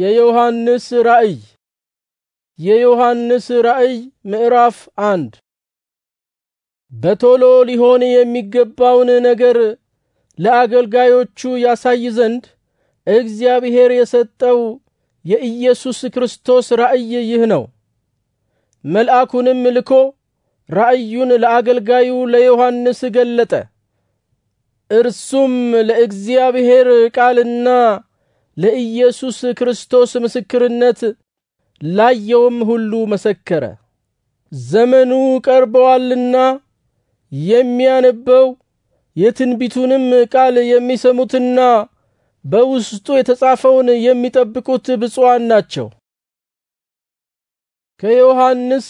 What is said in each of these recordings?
የዮሐንስ ራእይ የዮሐንስ ራእይ ምዕራፍ አንድ በቶሎ ሊሆን የሚገባውን ነገር ለአገልጋዮቹ ያሳይ ዘንድ እግዚአብሔር የሰጠው የኢየሱስ ክርስቶስ ራእይ ይህ ነው። መልአኩንም ልኮ ራእዩን ለአገልጋዩ ለዮሐንስ ገለጠ። እርሱም ለእግዚአብሔር ቃልና ለኢየሱስ ክርስቶስ ምስክርነት ላየውም ሁሉ መሰከረ። ዘመኑ ቀርበዋልና የሚያነበው የትንቢቱንም ቃል የሚሰሙትና በውስጡ የተጻፈውን የሚጠብቁት ብፁዓን ናቸው። ከዮሐንስ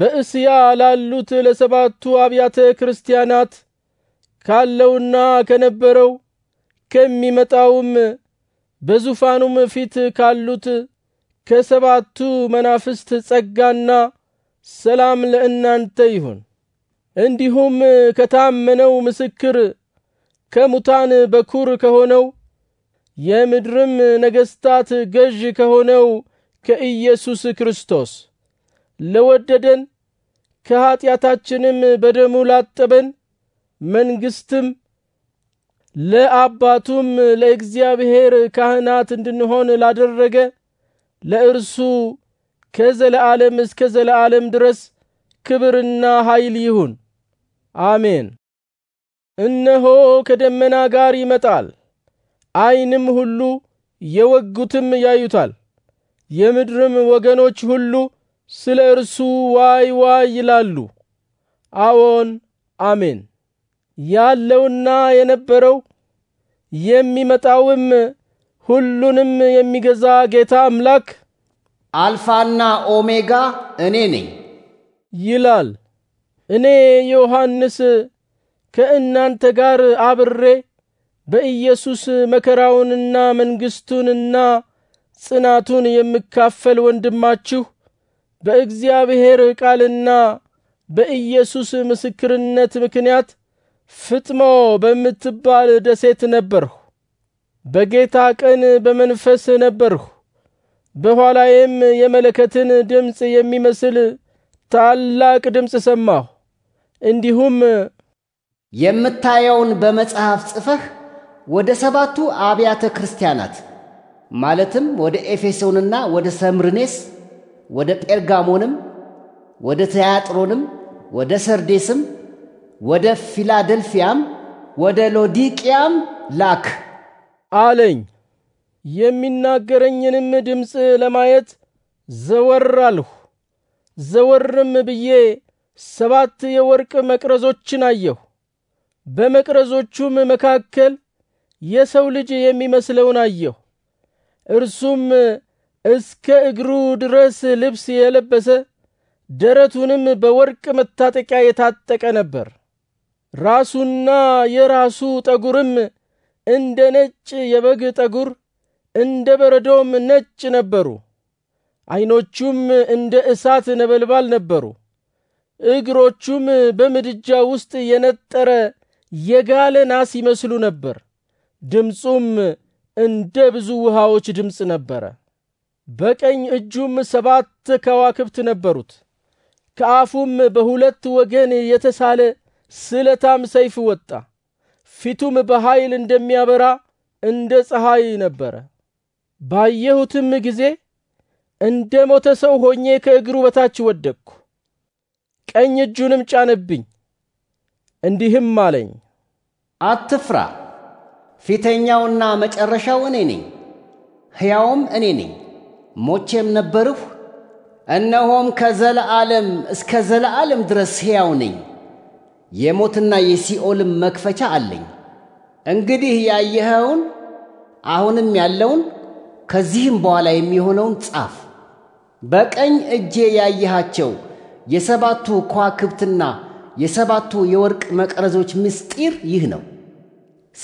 በእስያ ላሉት ለሰባቱ አብያተ ክርስቲያናት ካለውና ከነበረው ከሚመጣውም በዙፋኑም ፊት ካሉት ከሰባቱ መናፍስት ጸጋና ሰላም ለእናንተ ይሁን። እንዲሁም ከታመነው ምስክር ከሙታን በኩር ከሆነው የምድርም ነገስታት ገዥ ከሆነው ከኢየሱስ ክርስቶስ ለወደደን ከኀጢአታችንም በደሙ ላጠበን መንግስትም ለአባቱም ለእግዚአብሔር ካህናት እንድንሆን ላደረገ ለእርሱ ከዘለዓለም እስከ ዘለዓለም ድረስ ክብርና ኃይል ይሁን፣ አሜን። እነሆ ከደመና ጋር ይመጣል፣ ዓይንም ሁሉ የወጉትም ያዩታል፣ የምድርም ወገኖች ሁሉ ስለ እርሱ ዋይ ዋይ ይላሉ። አዎን፣ አሜን። ያለውና የነበረው የሚመጣውም ሁሉንም የሚገዛ ጌታ አምላክ አልፋና ኦሜጋ እኔ ነኝ ይላል። እኔ ዮሐንስ ከእናንተ ጋር አብሬ በኢየሱስ መከራውንና መንግስቱንና ጽናቱን የምካፈል ወንድማችሁ በእግዚአብሔር ቃልና በኢየሱስ ምስክርነት ምክንያት ፍጥሞ በምትባል ደሴት ነበርሁ። በጌታ ቀን በመንፈስ ነበርሁ። በኋላዬም የመለከትን ድምፅ የሚመስል ታላቅ ድምፅ ሰማሁ። እንዲሁም የምታየውን በመጽሐፍ ጽፈህ ወደ ሰባቱ አብያተ ክርስቲያናት ማለትም ወደ ኤፌሶንና ወደ ሰምርኔስ፣ ወደ ጴርጋሞንም፣ ወደ ትያጥሮንም፣ ወደ ሰርዴስም ወደ ፊላደልፊያም ወደ ሎዲቅያም ላክ አለኝ። የሚናገረኝንም ድምፅ ለማየት ዘወር አልሁ። ዘወርም ብዬ ሰባት የወርቅ መቅረዞችን አየሁ። በመቅረዞቹም መካከል የሰው ልጅ የሚመስለውን አየሁ። እርሱም እስከ እግሩ ድረስ ልብስ የለበሰ ደረቱንም በወርቅ መታጠቂያ የታጠቀ ነበር። ራሱና የራሱ ጠጉርም እንደ ነጭ የበግ ጠጉር እንደ በረዶም ነጭ ነበሩ። ዐይኖቹም እንደ እሳት ነበልባል ነበሩ። እግሮቹም በምድጃ ውስጥ የነጠረ የጋለ ናስ ይመስሉ ነበር። ድምፁም እንደ ብዙ ውሃዎች ድምፅ ነበረ። በቀኝ እጁም ሰባት ከዋክብት ነበሩት። ከአፉም በሁለት ወገን የተሳለ ስለታም ሰይፍ ወጣ። ፊቱም በኃይል እንደሚያበራ እንደ ፀሐይ ነበረ። ባየሁትም ጊዜ እንደ ሞተ ሰው ሆኜ ከእግሩ በታች ወደቅኩ። ቀኝ እጁንም ጫነብኝ፣ እንዲህም አለኝ፣ አትፍራ፣ ፊተኛውና መጨረሻው እኔ ነኝ፣ ሕያውም እኔ ነኝ፣ ሞቼም ነበርሁ፣ እነሆም ከዘለዓለም እስከ ዘለዓለም ድረስ ሕያው ነኝ። የሞትና የሲኦልም መክፈቻ አለኝ። እንግዲህ ያየኸውን አሁንም ያለውን ከዚህም በኋላ የሚሆነውን ጻፍ። በቀኝ እጄ ያየሃቸው የሰባቱ ከዋክብትና የሰባቱ የወርቅ መቅረዞች ምስጢር ይህ ነው።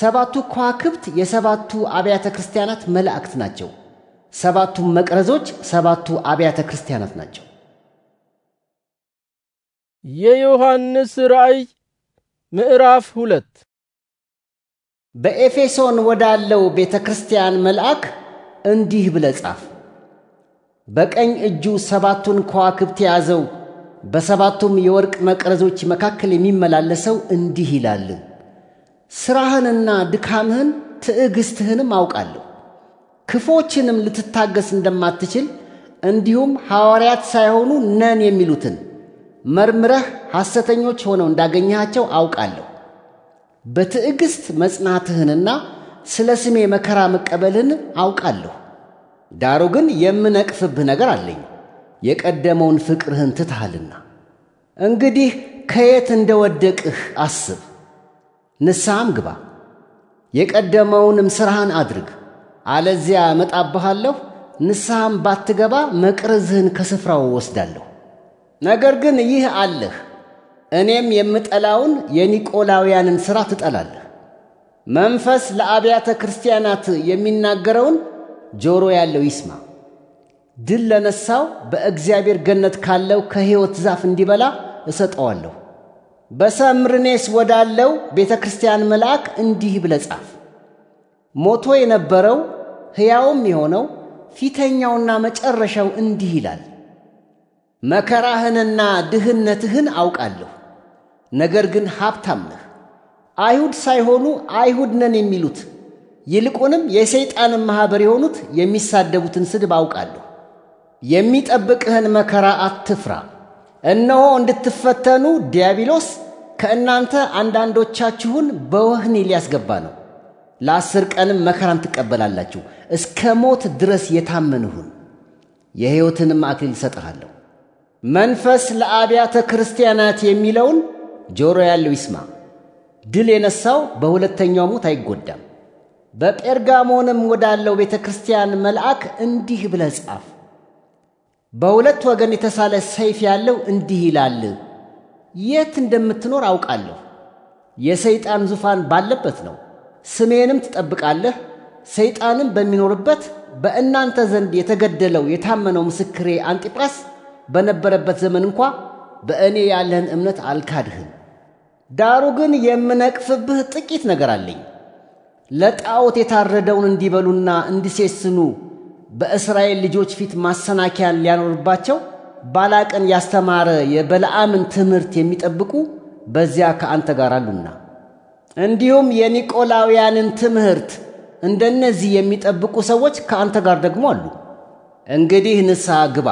ሰባቱ ከዋክብት የሰባቱ አብያተ ክርስቲያናት መላእክት ናቸው። ሰባቱ መቅረዞች ሰባቱ አብያተ ክርስቲያናት ናቸው። የዮሐንስ ራእይ ምዕራፍ ሁለት በኤፌሶን ወዳለው ቤተ ክርስቲያን መልአክ እንዲህ ብለ ጻፍ። በቀኝ እጁ ሰባቱን ከዋክብት የያዘው በሰባቱም የወርቅ መቅረዞች መካከል የሚመላለሰው እንዲህ ይላል፣ ስራህንና ድካምህን ትዕግስትህንም አውቃለሁ። ክፎችንም ልትታገስ እንደማትችል እንዲሁም ሐዋርያት ሳይሆኑ ነን የሚሉትን መርምረህ ሐሰተኞች ሆነው እንዳገኘሃቸው አውቃለሁ። በትዕግሥት መጽናትህንና ስለ ስሜ መከራ መቀበልህን አውቃለሁ። ዳሩ ግን የምነቅፍብህ ነገር አለኝ፣ የቀደመውን ፍቅርህን ትተሃልና። እንግዲህ ከየት እንደወደቅህ አስብ፣ ንስሐም ግባ፣ የቀደመውንም ሥራህን አድርግ። አለዚያ እመጣብሃለሁ፣ ንስሐም ባትገባ መቅረዝህን ከስፍራው ወስዳለሁ። ነገር ግን ይህ አለህ፣ እኔም የምጠላውን የኒቆላውያንን ሥራ ትጠላለህ። መንፈስ ለአብያተ ክርስቲያናት የሚናገረውን ጆሮ ያለው ይስማ። ድል ለነሳው በእግዚአብሔር ገነት ካለው ከሕይወት ዛፍ እንዲበላ እሰጠዋለሁ። በሰምርኔስ ወዳለው ቤተ ክርስቲያን መልአክ እንዲህ ብለ ጻፍ። ሞቶ የነበረው ሕያውም የሆነው ፊተኛውና መጨረሻው እንዲህ ይላል መከራህንና ድህነትህን አውቃለሁ፣ ነገር ግን ሀብታም ነህ። አይሁድ ሳይሆኑ አይሁድ ነን የሚሉት ይልቁንም የሰይጣንን ማኅበር የሆኑት የሚሳደቡትን ስድብ አውቃለሁ። የሚጠብቅህን መከራ አትፍራ። እነሆ እንድትፈተኑ ዲያብሎስ ከእናንተ አንዳንዶቻችሁን በወህኒ ሊያስገባ ነው። ለአስር ቀንም መከራን ትቀበላላችሁ። እስከ ሞት ድረስ የታመንሁን የሕይወትንም አክሊል እሰጥሃለሁ። መንፈስ ለአብያተ ክርስቲያናት የሚለውን ጆሮ ያለው ይስማ። ድል የነሳው በሁለተኛው ሞት አይጎዳም። በጴርጋሞንም ወዳለው ቤተ ክርስቲያን መልአክ እንዲህ ብለህ ጻፍ፣ በሁለት ወገን የተሳለ ሰይፍ ያለው እንዲህ ይላል፣ የት እንደምትኖር አውቃለሁ። የሰይጣን ዙፋን ባለበት ነው። ስሜንም ትጠብቃለህ። ሰይጣንም በሚኖርበት በእናንተ ዘንድ የተገደለው የታመነው ምስክሬ አንጢጳስ በነበረበት ዘመን እንኳ በእኔ ያለህን እምነት አልካድህም። ዳሩ ግን የምነቅፍብህ ጥቂት ነገር አለኝ። ለጣዖት የታረደውን እንዲበሉና እንዲሴስኑ በእስራኤል ልጆች ፊት ማሰናከያን ሊያኖርባቸው ባላቅን ያስተማረ የበለዓምን ትምህርት የሚጠብቁ በዚያ ከአንተ ጋር አሉና፣ እንዲሁም የኒቆላውያንን ትምህርት እንደነዚህ የሚጠብቁ ሰዎች ከአንተ ጋር ደግሞ አሉ። እንግዲህ ንስሐ ግባ።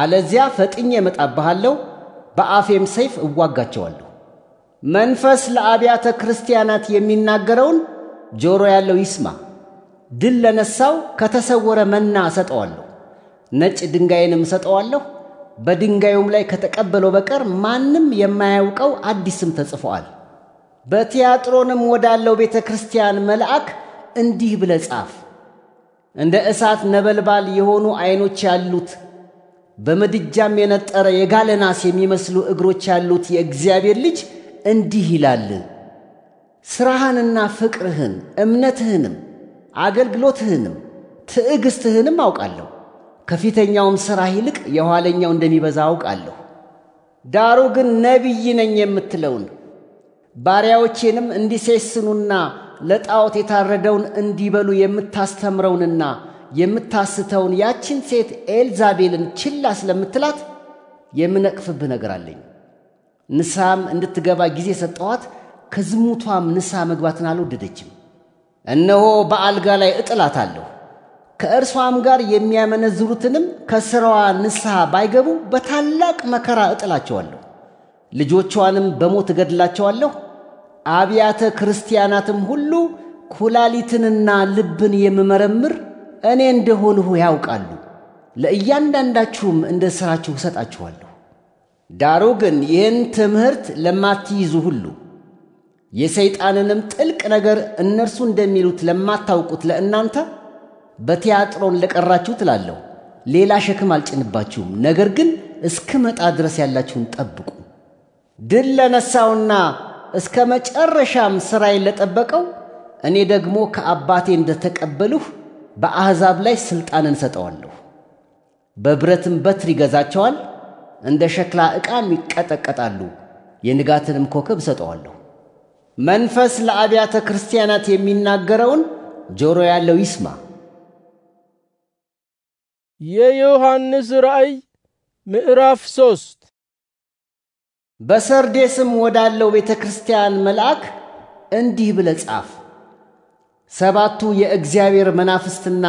አለዚያ ፈጥኜ እመጣብሃለሁ፣ በአፌም ሰይፍ እዋጋቸዋለሁ። መንፈስ ለአብያተ ክርስቲያናት የሚናገረውን ጆሮ ያለው ይስማ። ድል ለነሳው ከተሰወረ መና እሰጠዋለሁ፣ ነጭ ድንጋይንም እሰጠዋለሁ። በድንጋዩም ላይ ከተቀበለው በቀር ማንም የማያውቀው አዲስም ስም ተጽፎአል። በቲያጥሮንም ወዳለው ቤተ ክርስቲያን መልአክ እንዲህ ብለ ጻፍ። እንደ እሳት ነበልባል የሆኑ አይኖች ያሉት በምድጃም የነጠረ የጋለ ናስ የሚመስሉ እግሮች ያሉት የእግዚአብሔር ልጅ እንዲህ ይላል፣ ሥራህንና ፍቅርህን እምነትህንም አገልግሎትህንም ትዕግሥትህንም አውቃለሁ። ከፊተኛውም ሥራህ ይልቅ የኋለኛው እንደሚበዛ አውቃለሁ። ዳሩ ግን ነቢይ ነኝ የምትለውን ባሪያዎቼንም እንዲሴስኑና ለጣዖት የታረደውን እንዲበሉ የምታስተምረውንና የምታስተውን ያችን ሴት ኤልዛቤልን ችላ ስለምትላት የምነቅፍብህ ነገር አለኝ። ንሳም እንድትገባ ጊዜ ሰጠኋት፣ ከዝሙቷም ንሳ መግባትን አልወደደችም። እነሆ በአልጋ ላይ እጥላታለሁ፣ ከእርሷም ጋር የሚያመነዝሩትንም ከሥራዋ ንስሐ ባይገቡ በታላቅ መከራ እጥላቸዋለሁ። ልጆቿንም በሞት እገድላቸዋለሁ። አብያተ ክርስቲያናትም ሁሉ ኩላሊትንና ልብን የምመረምር እኔ እንደሆንሁ ያውቃሉ። ለእያንዳንዳችሁም እንደ ሥራችሁ እሰጣችኋለሁ። ዳሩ ግን ይህን ትምህርት ለማትይዙ ሁሉ የሰይጣንንም ጥልቅ ነገር እነርሱ እንደሚሉት ለማታውቁት ለእናንተ በቲያጥሮን ለቀራችሁ ትላለሁ፣ ሌላ ሸክም አልጭንባችሁም። ነገር ግን እስከ መጣ ድረስ ያላችሁን ጠብቁ። ድል ለነሳውና እስከ መጨረሻም ሥራዬን ለጠበቀው እኔ ደግሞ ከአባቴ እንደተቀበልሁ በአሕዛብ ላይ ሥልጣንን ሰጠዋለሁ። በብረትም በትር ይገዛቸዋል፣ እንደ ሸክላ ዕቃም ይቀጠቀጣሉ። የንጋትንም ኮከብ ሰጠዋለሁ። መንፈስ ለአብያተ ክርስቲያናት የሚናገረውን ጆሮ ያለው ይስማ። የዮሐንስ ራእይ ምዕራፍ ሶስት በሰርዴስም ወዳለው ቤተ ክርስቲያን መልአክ እንዲህ ብለ ጻፍ ሰባቱ የእግዚአብሔር መናፍስትና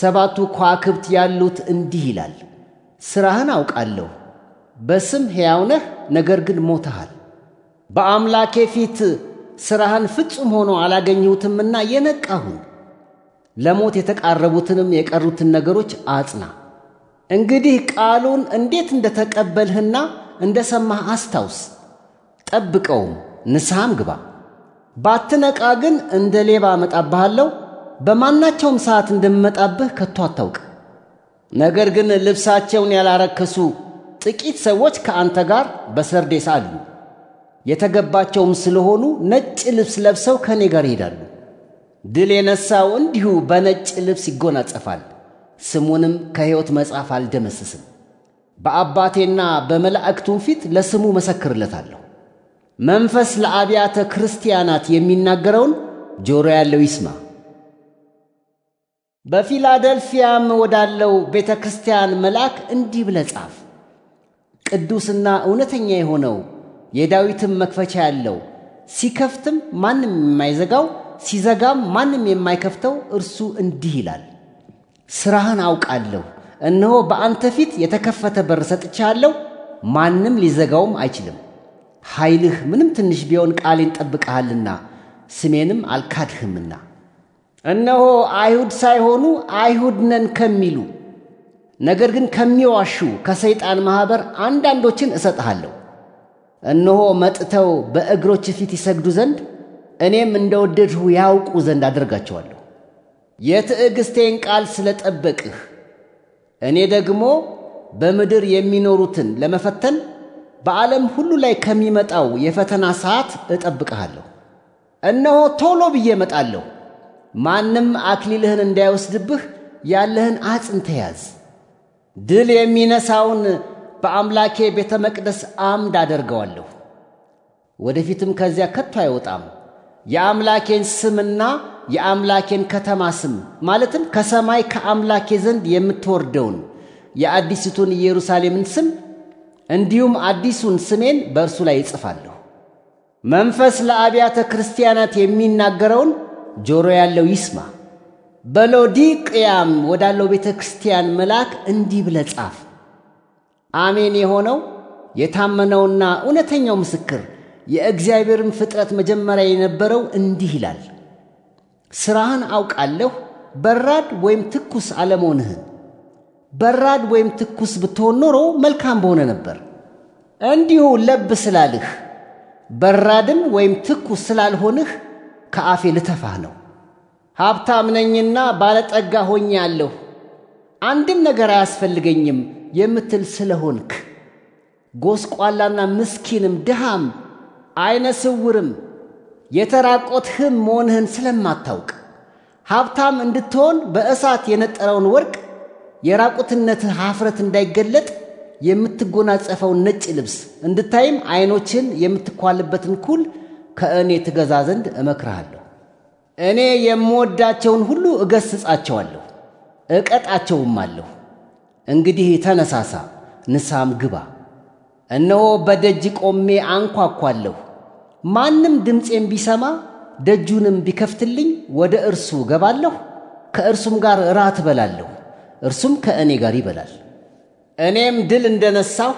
ሰባቱ ከዋክብት ያሉት እንዲህ ይላል፣ ሥራህን አውቃለሁ። በስም ሕያው ነህ፣ ነገር ግን ሞተሃል። በአምላኬ ፊት ሥራህን ፍጹም ሆኖ አላገኘሁትምና የነቃሁን ለሞት የተቃረቡትንም የቀሩትን ነገሮች አጽና። እንግዲህ ቃሉን እንዴት እንደተቀበልህና እንደ ሰማህ አስታውስ፣ ጠብቀውም ንስሐም ግባ። ባትነቃ ግን እንደ ሌባ እመጣብሃለሁ። በማናቸውም ሰዓት እንደምመጣብህ ከቶ አታውቅ። ነገር ግን ልብሳቸውን ያላረከሱ ጥቂት ሰዎች ከአንተ ጋር በሰርዴስ አሉ። የተገባቸውም ስለሆኑ ነጭ ልብስ ለብሰው ከእኔ ጋር ይሄዳሉ። ድል የነሳው እንዲሁ በነጭ ልብስ ይጎናጸፋል። ስሙንም ከሕይወት መጽሐፍ አልደመስስም። በአባቴና በመላእክቱም ፊት ለስሙ መሰክርለታለሁ። መንፈስ ለአብያተ ክርስቲያናት የሚናገረውን ጆሮ ያለው ይስማ። በፊላደልፊያም ወዳለው ቤተ ክርስቲያን መልአክ እንዲህ ብለ ጻፍ። ቅዱስና እውነተኛ የሆነው የዳዊትም መክፈቻ ያለው ሲከፍትም ማንም የማይዘጋው ሲዘጋም ማንም የማይከፍተው እርሱ እንዲህ ይላል፣ ስራህን አውቃለሁ። እነሆ በአንተ ፊት የተከፈተ በር ሰጥቻለሁ፣ ማንም ሊዘጋውም አይችልም። ኃይልህ ምንም ትንሽ ቢሆን ቃሌን ጠብቀሃልና ስሜንም አልካድህምና እነሆ አይሁድ ሳይሆኑ አይሁድ ነን ከሚሉ ነገር ግን ከሚዋሹ ከሰይጣን ማኅበር አንዳንዶችን እሰጥሃለሁ። እነሆ መጥተው በእግሮች ፊት ይሰግዱ ዘንድ እኔም እንደ ወደድሁ ያውቁ ዘንድ አደርጋቸዋለሁ። የትዕግሥቴን ቃል ስለጠበቅህ እኔ ደግሞ በምድር የሚኖሩትን ለመፈተን በዓለም ሁሉ ላይ ከሚመጣው የፈተና ሰዓት እጠብቅሃለሁ። እነሆ ቶሎ ብዬ እመጣለሁ። ማንም አክሊልህን እንዳይወስድብህ ያለህን አጽንተ ያዝ። ድል የሚነሳውን በአምላኬ ቤተ መቅደስ አምድ አደርገዋለሁ፣ ወደፊትም ከዚያ ከቶ አይወጣም። የአምላኬን ስምና የአምላኬን ከተማ ስም ማለትም ከሰማይ ከአምላኬ ዘንድ የምትወርደውን የአዲስቱን ኢየሩሳሌምን ስም እንዲሁም አዲሱን ስሜን በእርሱ ላይ ይጽፋለሁ። መንፈስ ለአብያተ ክርስቲያናት የሚናገረውን ጆሮ ያለው ይስማ። በሎዲቅያም ወዳለው ቤተ ክርስቲያን መልአክ እንዲህ ብለ ጻፍ። አሜን የሆነው የታመነውና እውነተኛው ምስክር የእግዚአብሔርን ፍጥረት መጀመሪያ የነበረው እንዲህ ይላል፣ ሥራህን አውቃለሁ፣ በራድ ወይም ትኩስ አለመሆንህን በራድ ወይም ትኩስ ብትሆን ኖሮ መልካም በሆነ ነበር። እንዲሁ ለብ ስላልህ በራድም ወይም ትኩስ ስላልሆንህ ከአፌ ልተፋህ ነው። ሀብታም ነኝና ባለጠጋ ሆኛለሁ፣ አለሁ አንድም ነገር አያስፈልገኝም የምትል ስለሆንክ ጎስቋላና ምስኪንም ድሃም አይነ ስውርም የተራቆትህም መሆንህን ስለማታውቅ ሀብታም እንድትሆን በእሳት የነጠረውን ወርቅ የራቁትነትህ ሀፍረት እንዳይገለጥ የምትጎናጸፈውን ነጭ ልብስ እንድታይም አይኖችን የምትኳልበትን ኩል ከእኔ ትገዛ ዘንድ እመክርሃለሁ። እኔ የምወዳቸውን ሁሉ እገስጻቸዋለሁ፣ እቀጣቸውም አለሁ። እንግዲህ ተነሳሳ፣ ንሳም ግባ። እነሆ በደጅ ቆሜ አንኳኳለሁ። ማንም ድምፄን ቢሰማ ደጁንም ቢከፍትልኝ ወደ እርሱ እገባለሁ ከእርሱም ጋር እራት እበላለሁ እርሱም ከእኔ ጋር ይበላል። እኔም ድል እንደነሳሁ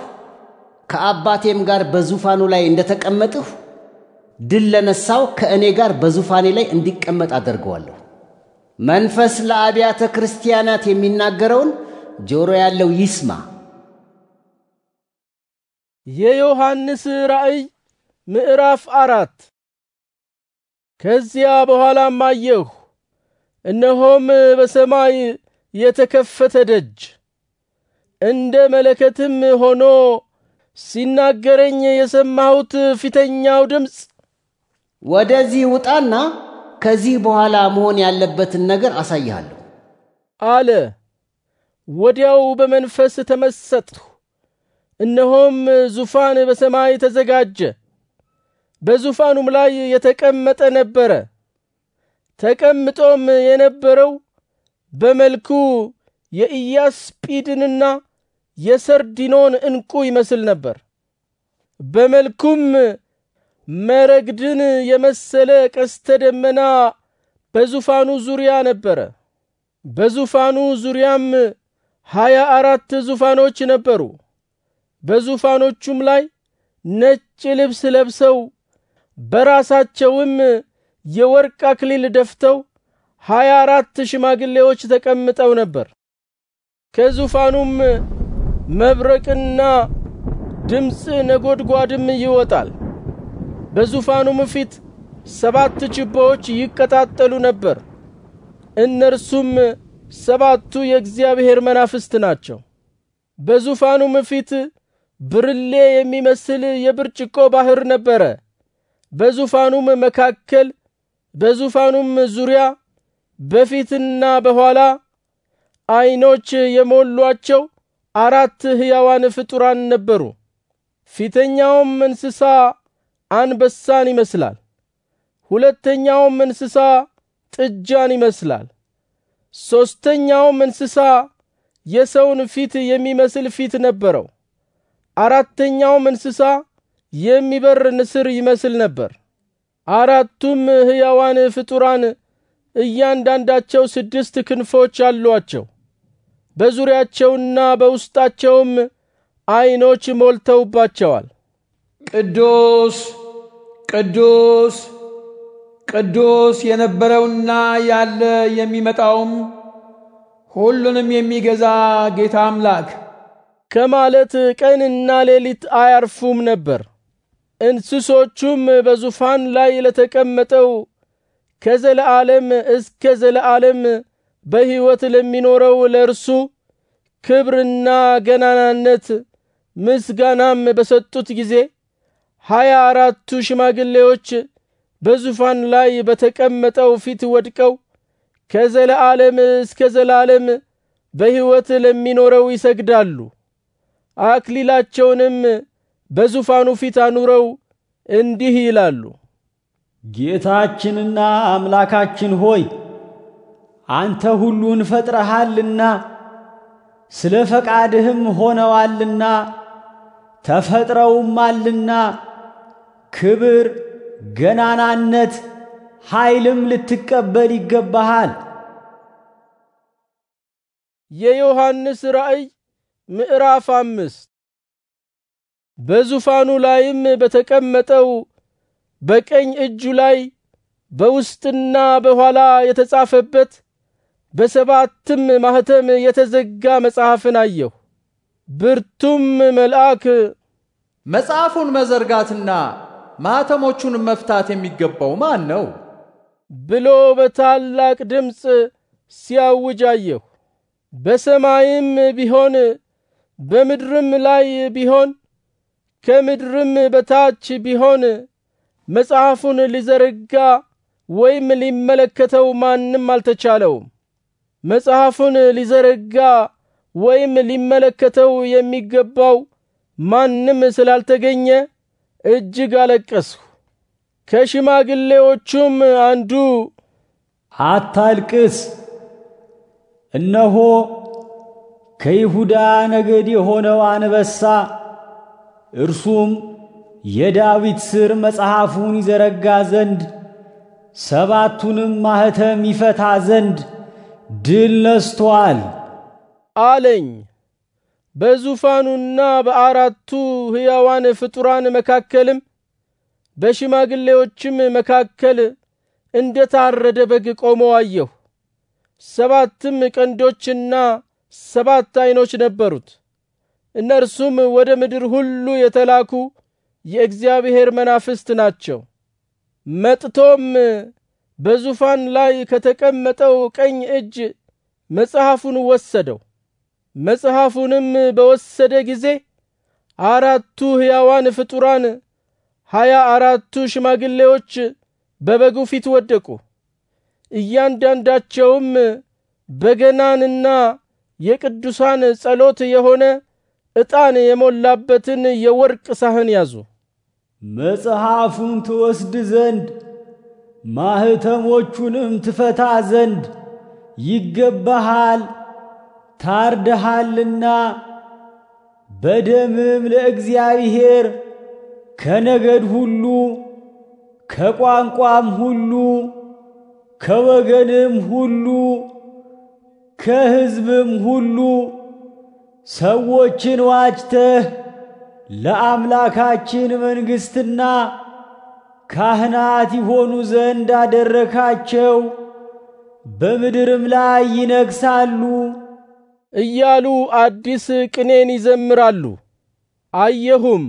ከአባቴም ጋር በዙፋኑ ላይ እንደተቀመጥሁ ድል ለነሳው ከእኔ ጋር በዙፋኔ ላይ እንዲቀመጥ አደርገዋለሁ። መንፈስ ለአብያተ ክርስቲያናት የሚናገረውን ጆሮ ያለው ይስማ። የዮሐንስ ራእይ ምዕራፍ አራት ከዚያ በኋላም አየሁ፣ እነሆም በሰማይ የተከፈተ ደጅ እንደ መለከትም ሆኖ ሲናገረኝ የሰማሁት ፊተኛው ድምፅ ወደዚህ ውጣና ከዚህ በኋላ መሆን ያለበትን ነገር አሳይሃለሁ አለ። ወዲያው በመንፈስ ተመሰጥሁ። እነሆም ዙፋን በሰማይ ተዘጋጀ፣ በዙፋኑም ላይ የተቀመጠ ነበረ። ተቀምጦም የነበረው በመልኩ የኢያስጲድንና የሰርዲኖን ዕንቁ ይመስል ነበር። በመልኩም መረግድን የመሰለ ቀስተ ደመና በዙፋኑ ዙሪያ ነበረ። በዙፋኑ ዙሪያም ሀያ አራት ዙፋኖች ነበሩ። በዙፋኖቹም ላይ ነጭ ልብስ ለብሰው በራሳቸውም የወርቅ አክሊል ደፍተው ሀያ አራት ሽማግሌዎች ተቀምጠው ነበር። ከዙፋኑም መብረቅና ድምፅ ነጎድጓድም ይወጣል። በዙፋኑም ፊት ሰባት ችቦዎች ይቀጣጠሉ ነበር። እነርሱም ሰባቱ የእግዚአብሔር መናፍስት ናቸው። በዙፋኑም ፊት ብርሌ የሚመስል የብርጭቆ ባህር ነበረ። በዙፋኑም መካከል በዙፋኑም ዙሪያ በፊትና በኋላ ዓይኖች የሞሏቸው አራት ሕያዋን ፍጡራን ነበሩ። ፊተኛውም እንስሳ አንበሳን ይመስላል። ሁለተኛውም እንስሳ ጥጃን ይመስላል። ሶስተኛውም እንስሳ የሰውን ፊት የሚመስል ፊት ነበረው። አራተኛውም እንስሳ የሚበር ንስር ይመስል ነበር። አራቱም ሕያዋን ፍጡራን እያንዳንዳቸው ስድስት ክንፎች አሏቸው። በዙሪያቸውና በውስጣቸውም ዓይኖች ሞልተውባቸዋል። ቅዱስ ቅዱስ ቅዱስ የነበረውና ያለ የሚመጣውም ሁሉንም የሚገዛ ጌታ አምላክ ከማለት ቀንና ሌሊት አያርፉም ነበር። እንስሶቹም በዙፋን ላይ ለተቀመጠው ከዘለዓለም እስከ ዘለዓለም በሕይወት ለሚኖረው ለእርሱ ክብርና ገናናነት ምስጋናም በሰጡት ጊዜ ሀያ አራቱ ሽማግሌዎች በዙፋን ላይ በተቀመጠው ፊት ወድቀው ከዘለዓለም እስከ ዘላለም በሕይወት ለሚኖረው ይሰግዳሉ። አክሊላቸውንም በዙፋኑ ፊት አኑረው እንዲህ ይላሉ። ጌታችንና አምላካችን ሆይ አንተ ሁሉን ፈጥረሃልና ስለ ፈቃድህም ሆነዋልና ተፈጥረውማልና ክብር፣ ገናናነት፣ ኃይልም ልትቀበል ይገባሃል። የዮሐንስ ራእይ ምዕራፍ አምስት በዙፋኑ ላይም በተቀመጠው በቀኝ እጁ ላይ በውስጥና በኋላ የተጻፈበት በሰባትም ማኅተም የተዘጋ መጽሐፍን አየሁ። ብርቱም መልአክ መጽሐፉን መዘርጋትና ማኅተሞቹን መፍታት የሚገባው ማን ነው? ብሎ በታላቅ ድምፅ ሲያውጅ አየሁ። በሰማይም ቢሆን በምድርም ላይ ቢሆን ከምድርም በታች ቢሆን መጽሐፉን ሊዘረጋ ወይም ሊመለከተው ማንም አልተቻለውም። መጽሐፉን ሊዘረጋ ወይም ሊመለከተው የሚገባው ማንም ስላልተገኘ እጅግ አለቀስሁ። ከሽማግሌዎቹም አንዱ አታልቅስ፣ እነሆ ከይሁዳ ነገድ የሆነው አንበሳ እርሱም የዳዊት ስር መጽሐፉን ይዘረጋ ዘንድ ሰባቱንም ማኅተም ይፈታ ዘንድ ድል ነስቶአል አለኝ። በዙፋኑና በአራቱ ሕያዋን ፍጡራን መካከልም በሽማግሌዎችም መካከል እንደ ታረደ በግ ቆሞ አየሁ። ሰባትም ቀንዶችና ሰባት ዐይኖች ነበሩት። እነርሱም ወደ ምድር ሁሉ የተላኩ የእግዚአብሔር መናፍስት ናቸው። መጥቶም በዙፋን ላይ ከተቀመጠው ቀኝ እጅ መጽሐፉን ወሰደው። መጽሐፉንም በወሰደ ጊዜ አራቱ ሕያዋን ፍጡራን ሀያ አራቱ ሽማግሌዎች በበጉ ፊት ወደቁ። እያንዳንዳቸውም በገናንና የቅዱሳን ጸሎት የሆነ ዕጣን የሞላበትን የወርቅ ሳህን ያዙ። መጽሐፉን ትወስድ ዘንድ ማኅተሞቹንም ትፈታ ዘንድ ይገባሃል ታርደሃልና በደምም ለእግዚአብሔር ከነገድ ሁሉ ከቋንቋም ሁሉ ከወገንም ሁሉ ከሕዝብም ሁሉ ሰዎችን ዋጅተህ ለአምላካችን መንግሥትና ካህናት ይሆኑ ዘንድ አደረካቸው፣ በምድርም ላይ ይነግሳሉ እያሉ አዲስ ቅኔን ይዘምራሉ። አየሁም፣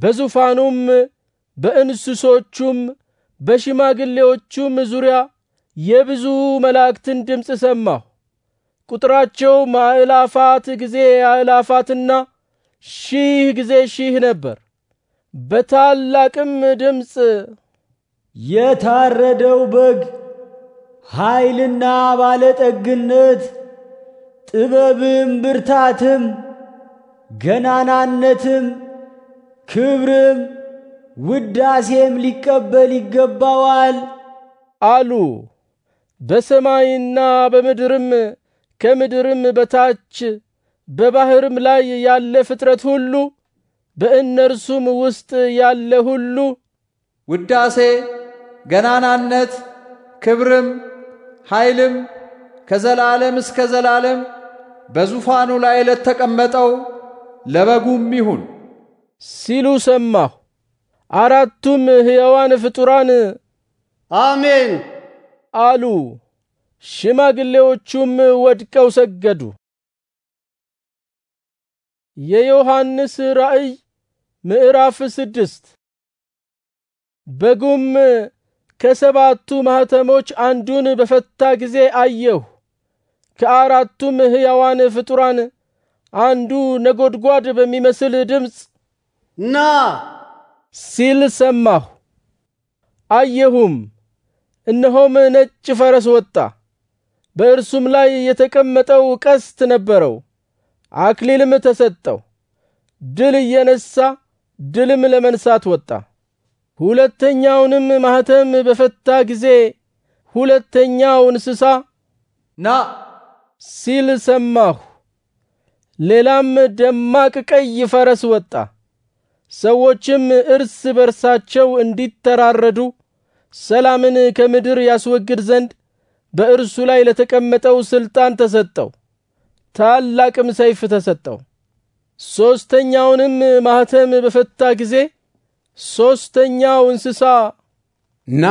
በዙፋኑም በእንስሶቹም በሽማግሌዎቹም ዙሪያ የብዙ መላእክትን ድምፅ ሰማሁ። ቁጥራቸው ማዕላፋት ጊዜ አዕላፋትና ሺህ ጊዜ ሺህ ነበር። በታላቅም ድምፅ የታረደው በግ ኃይልና ባለጠግነት፣ ጥበብም፣ ብርታትም፣ ገናናነትም፣ ክብርም፣ ውዳሴም ሊቀበል ይገባዋል አሉ። በሰማይና በምድርም ከምድርም በታች በባህርም ላይ ያለ ፍጥረት ሁሉ በእነርሱም ውስጥ ያለ ሁሉ ውዳሴ፣ ገናናነት፣ ክብርም፣ ኃይልም ከዘላለም እስከ ዘላለም በዙፋኑ ላይ ለተቀመጠው ለበጉም ይሁን ሲሉ ሰማሁ። አራቱም ሕያዋን ፍጡራን አሜን አሉ። ሽማግሌዎቹም ወድቀው ሰገዱ። የዮሐንስ ራእይ ምዕራፍ ስድስት በጉም ከሰባቱ ማኅተሞች አንዱን በፈታ ጊዜ አየሁ። ከአራቱም ሕያዋን ፍጡራን አንዱ ነጎድጓድ በሚመስል ድምፅ ና ሲል ሰማሁ። አየሁም፣ እነሆም ነጭ ፈረስ ወጣ፣ በእርሱም ላይ የተቀመጠው ቀስት ነበረው። አክሊልም ተሰጠው። ድል እየነሳ ድልም ለመንሳት ወጣ። ሁለተኛውንም ማኅተም በፈታ ጊዜ ሁለተኛው እንስሳ ና ሲል ሰማሁ። ሌላም ደማቅ ቀይ ፈረስ ወጣ። ሰዎችም እርስ በርሳቸው እንዲተራረዱ ሰላምን ከምድር ያስወግድ ዘንድ በእርሱ ላይ ለተቀመጠው ስልጣን ተሰጠው። ታላቅም ሰይፍ ተሰጠው። ሦስተኛውንም ማኅተም በፈታ ጊዜ ሦስተኛው እንስሳ ና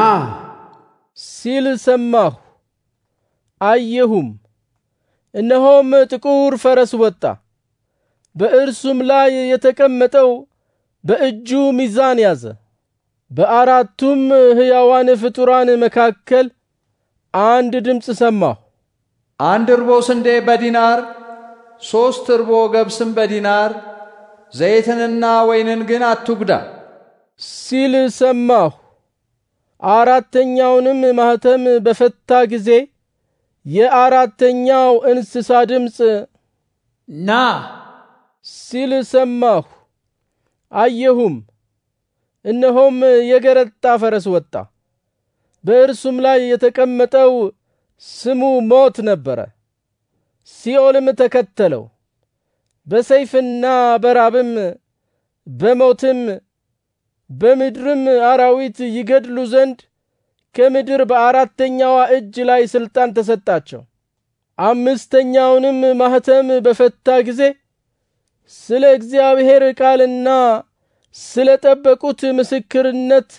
ሲል ሰማሁ፣ አየሁም። እነሆም ጥቁር ፈረስ ወጣ፣ በእርሱም ላይ የተቀመጠው በእጁ ሚዛን ያዘ። በአራቱም ሕያዋን ፍጡራን መካከል አንድ ድምፅ ሰማሁ። አንድ እርቦ ስንዴ በዲናር ሶስት እርቦ ገብስም በዲናር ዘይትንና ወይንን ግን አትጉዳ ሲል ሰማሁ። አራተኛውንም ማኅተም በፈታ ጊዜ የአራተኛው እንስሳ ድምፅ ና ሲል ሰማሁ። አየሁም፣ እነሆም የገረጣ ፈረስ ወጣ፣ በእርሱም ላይ የተቀመጠው ስሙ ሞት ነበረ። ሲኦልም ተከተለው። በሰይፍና በራብም በሞትም በምድርም አራዊት ይገድሉ ዘንድ ከምድር በአራተኛዋ እጅ ላይ ስልጣን ተሰጣቸው። አምስተኛውንም ማህተም በፈታ ጊዜ ስለ እግዚአብሔር ቃልና ስለ ጠበቁት ምስክርነት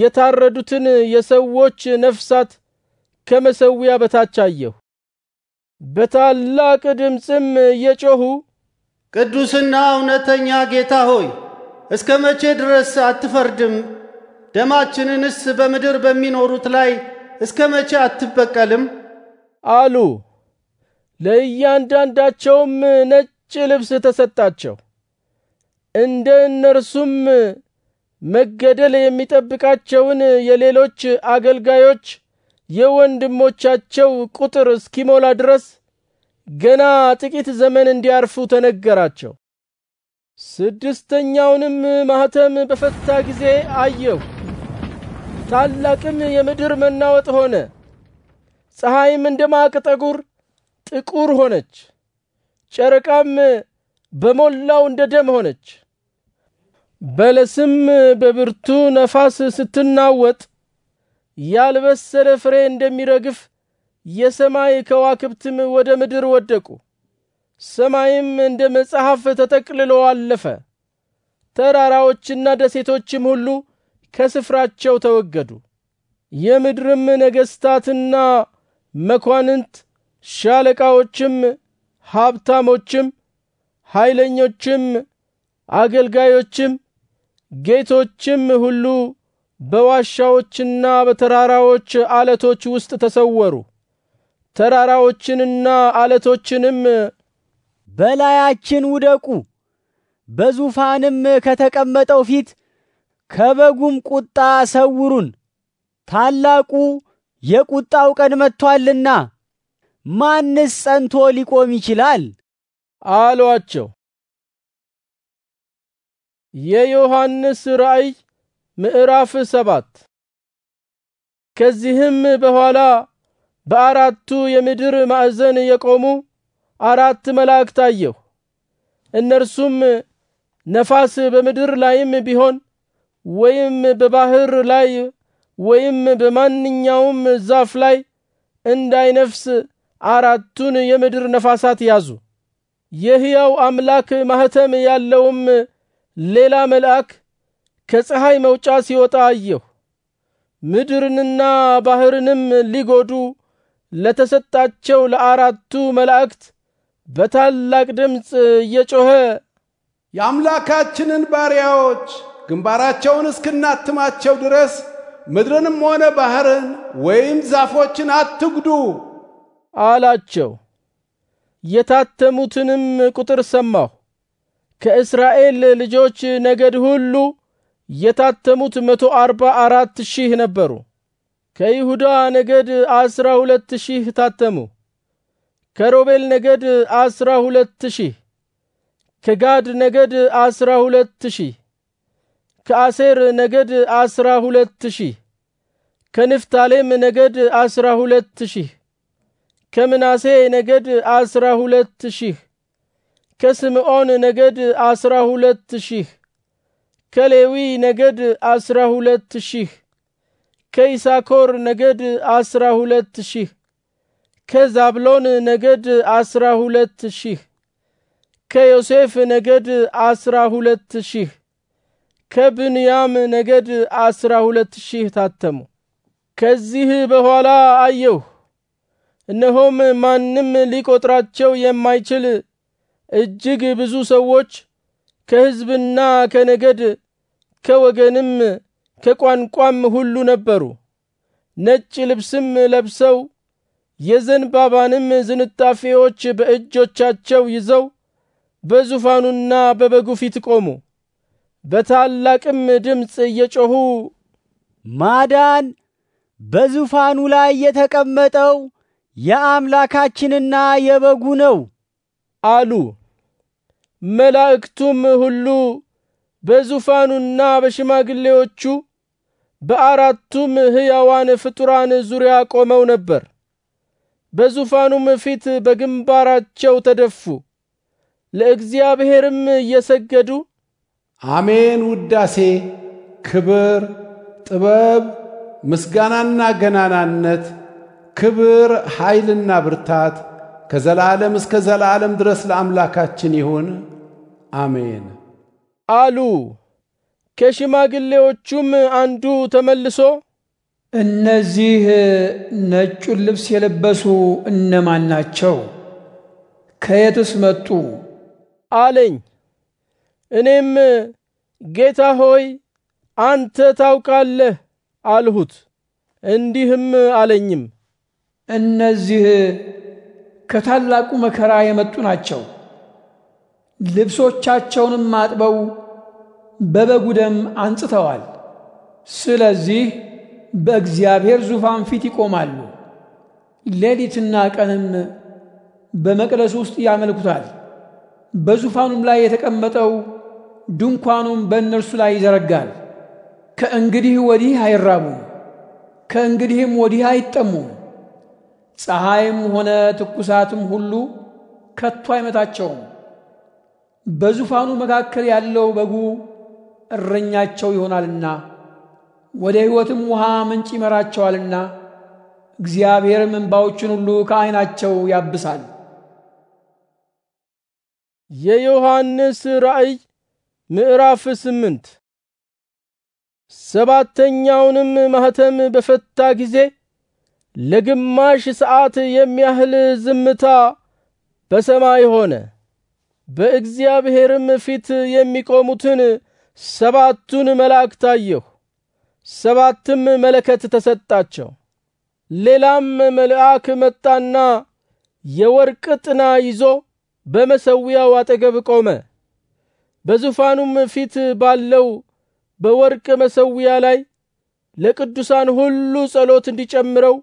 የታረዱትን የሰዎች ነፍሳት ከመሠዊያ በታች አየሁ። በታላቅ ድምፅም እየጮኹ ቅዱስና እውነተኛ ጌታ ሆይ እስከ መቼ ድረስ አትፈርድም? ደማችንንስ በምድር በሚኖሩት ላይ እስከ መቼ አትበቀልም? አሉ። ለእያንዳንዳቸውም ነጭ ልብስ ተሰጣቸው። እንደ እነርሱም መገደል የሚጠብቃቸውን የሌሎች አገልጋዮች የወንድሞቻቸው ቁጥር እስኪሞላ ድረስ ገና ጥቂት ዘመን እንዲያርፉ ተነገራቸው። ስድስተኛውንም ማኅተም በፈታ ጊዜ አየሁ። ታላቅም የምድር መናወጥ ሆነ። ፀሐይም እንደ ማቅ ጠጉር ጥቁር ሆነች፣ ጨረቃም በሞላው እንደ ደም ሆነች። በለስም በብርቱ ነፋስ ስትናወጥ ያልበሰለ ፍሬ እንደሚረግፍ የሰማይ ከዋክብትም ወደ ምድር ወደቁ። ሰማይም እንደ መጽሐፍ ተጠቅልሎ አለፈ። ተራራዎችና ደሴቶችም ሁሉ ከስፍራቸው ተወገዱ። የምድርም ነገሥታትና መኳንንት፣ ሻለቃዎችም፣ ሀብታሞችም፣ ኃይለኞችም፣ አገልጋዮችም፣ ጌቶችም ሁሉ በዋሻዎችና በተራራዎች አለቶች ውስጥ ተሰወሩ። ተራራዎችንና አለቶችንም በላያችን ውደቁ፣ በዙፋንም ከተቀመጠው ፊት ከበጉም ቁጣ ሰውሩን፣ ታላቁ የቁጣው ቀን መጥቶአልና ማንስ ጸንቶ ሊቆም ይችላል? አሏቸው። የዮሐንስ ራእይ ምዕራፍ ሰባት ከዚህም በኋላ በአራቱ የምድር ማዕዘን የቆሙ አራት መላእክት አየሁ። እነርሱም ነፋስ በምድር ላይም ቢሆን ወይም በባህር ላይ ወይም በማንኛውም ዛፍ ላይ እንዳይነፍስ አራቱን የምድር ነፋሳት ያዙ። የሕያው አምላክ ማህተም ያለውም ሌላ መልአክ ከፀሐይ መውጫ ሲወጣ አየሁ። ምድርንና ባሕርንም ሊጎዱ ለተሰጣቸው ለአራቱ መላእክት በታላቅ ድምፅ እየጮኸ የአምላካችንን ባሪያዎች ግንባራቸውን እስክናትማቸው ድረስ ምድርንም ሆነ ባሕርን ወይም ዛፎችን አትጉዱ አላቸው። የታተሙትንም ቁጥር ሰማሁ። ከእስራኤል ልጆች ነገድ ሁሉ የታተሙት መቶ አርባ አራት ሺህ ነበሩ። ከይሁዳ ነገድ አስራ ሁለት ሺህ ታተሙ። ከሮቤል ነገድ አስራ ሁለት ሺህ ከጋድ ነገድ አስራ ሁለት ሺህ ከአሴር ነገድ አስራ ሁለት ሺህ ከንፍታሌም ነገድ አስራ ሁለት ሺህ ከምናሴ ነገድ አስራ ሁለት ሺህ ከስምዖን ነገድ አስራ ሁለት ሺህ ከሌዊ ነገድ አስራ ሁለት ሺህ ከይሳኮር ነገድ አስራ ሁለት ሺህ ከዛብሎን ነገድ አስራ ሁለት ሺህ ከዮሴፍ ነገድ አስራ ሁለት ሺህ ከብንያም ነገድ አስራ ሁለት ሺህ ታተሙ። ከዚህ በኋላ አየሁ፣ እነሆም ማንም ሊቆጥራቸው የማይችል እጅግ ብዙ ሰዎች ከሕዝብና ከነገድ ከወገንም ከቋንቋም ሁሉ ነበሩ። ነጭ ልብስም ለብሰው የዘንባባንም ዝንጣፊዎች በእጆቻቸው ይዘው በዙፋኑና በበጉ ፊት ቆሙ። በታላቅም ድምፅ እየጮኹ ማዳን በዙፋኑ ላይ የተቀመጠው የአምላካችንና የበጉ ነው አሉ። መላእክቱም ሁሉ በዙፋኑና በሽማግሌዎቹ በአራቱም ሕያዋን ፍጡራን ዙሪያ ቆመው ነበር። በዙፋኑም ፊት በግንባራቸው ተደፉ፣ ለእግዚአብሔርም እየሰገዱ አሜን፣ ውዳሴ፣ ክብር፣ ጥበብ፣ ምስጋናና ገናናነት፣ ክብር፣ ኃይልና ብርታት ከዘላለም እስከ ዘላለም ድረስ ለአምላካችን ይሁን፣ አሜን። አሉ። ከሽማግሌዎቹም አንዱ ተመልሶ እነዚህ ነጩን ልብስ የለበሱ እነማን ናቸው? ከየትስ መጡ? አለኝ። እኔም ጌታ ሆይ አንተ ታውቃለህ አልሁት። እንዲህም አለኝም እነዚህ ከታላቁ መከራ የመጡ ናቸው። ልብሶቻቸውንም አጥበው በበጉ ደም አንጽተዋል። ስለዚህ በእግዚአብሔር ዙፋን ፊት ይቆማሉ፣ ሌሊትና ቀንም በመቅደስ ውስጥ ያመልኩታል። በዙፋኑም ላይ የተቀመጠው ድንኳኑም በእነርሱ ላይ ይዘረጋል። ከእንግዲህ ወዲህ አይራቡም፣ ከእንግዲህም ወዲህ አይጠሙም። ፀሐይም ሆነ ትኩሳትም ሁሉ ከቶ አይመታቸውም። በዙፋኑ መካከል ያለው በጉ እረኛቸው ይሆናልና ወደ ሕይወትም ውሃ ምንጭ ይመራቸዋልና እግዚአብሔርም እንባዎቹን ሁሉ ከዓይናቸው ያብሳል። የዮሐንስ ራእይ ምዕራፍ ስምንት ሰባተኛውንም ማኅተም በፈታ ጊዜ ለግማሽ ሰዓት የሚያህል ዝምታ በሰማይ ሆነ። በእግዚአብሔርም ፊት የሚቆሙትን ሰባቱን መላእክት አየሁ። ሰባትም መለከት ተሰጣቸው። ሌላም መልአክ መጣና የወርቅ ጥና ይዞ በመሰዊያው አጠገብ ቆመ። በዙፋኑም ፊት ባለው በወርቅ መሰዊያ ላይ ለቅዱሳን ሁሉ ጸሎት እንዲጨምረው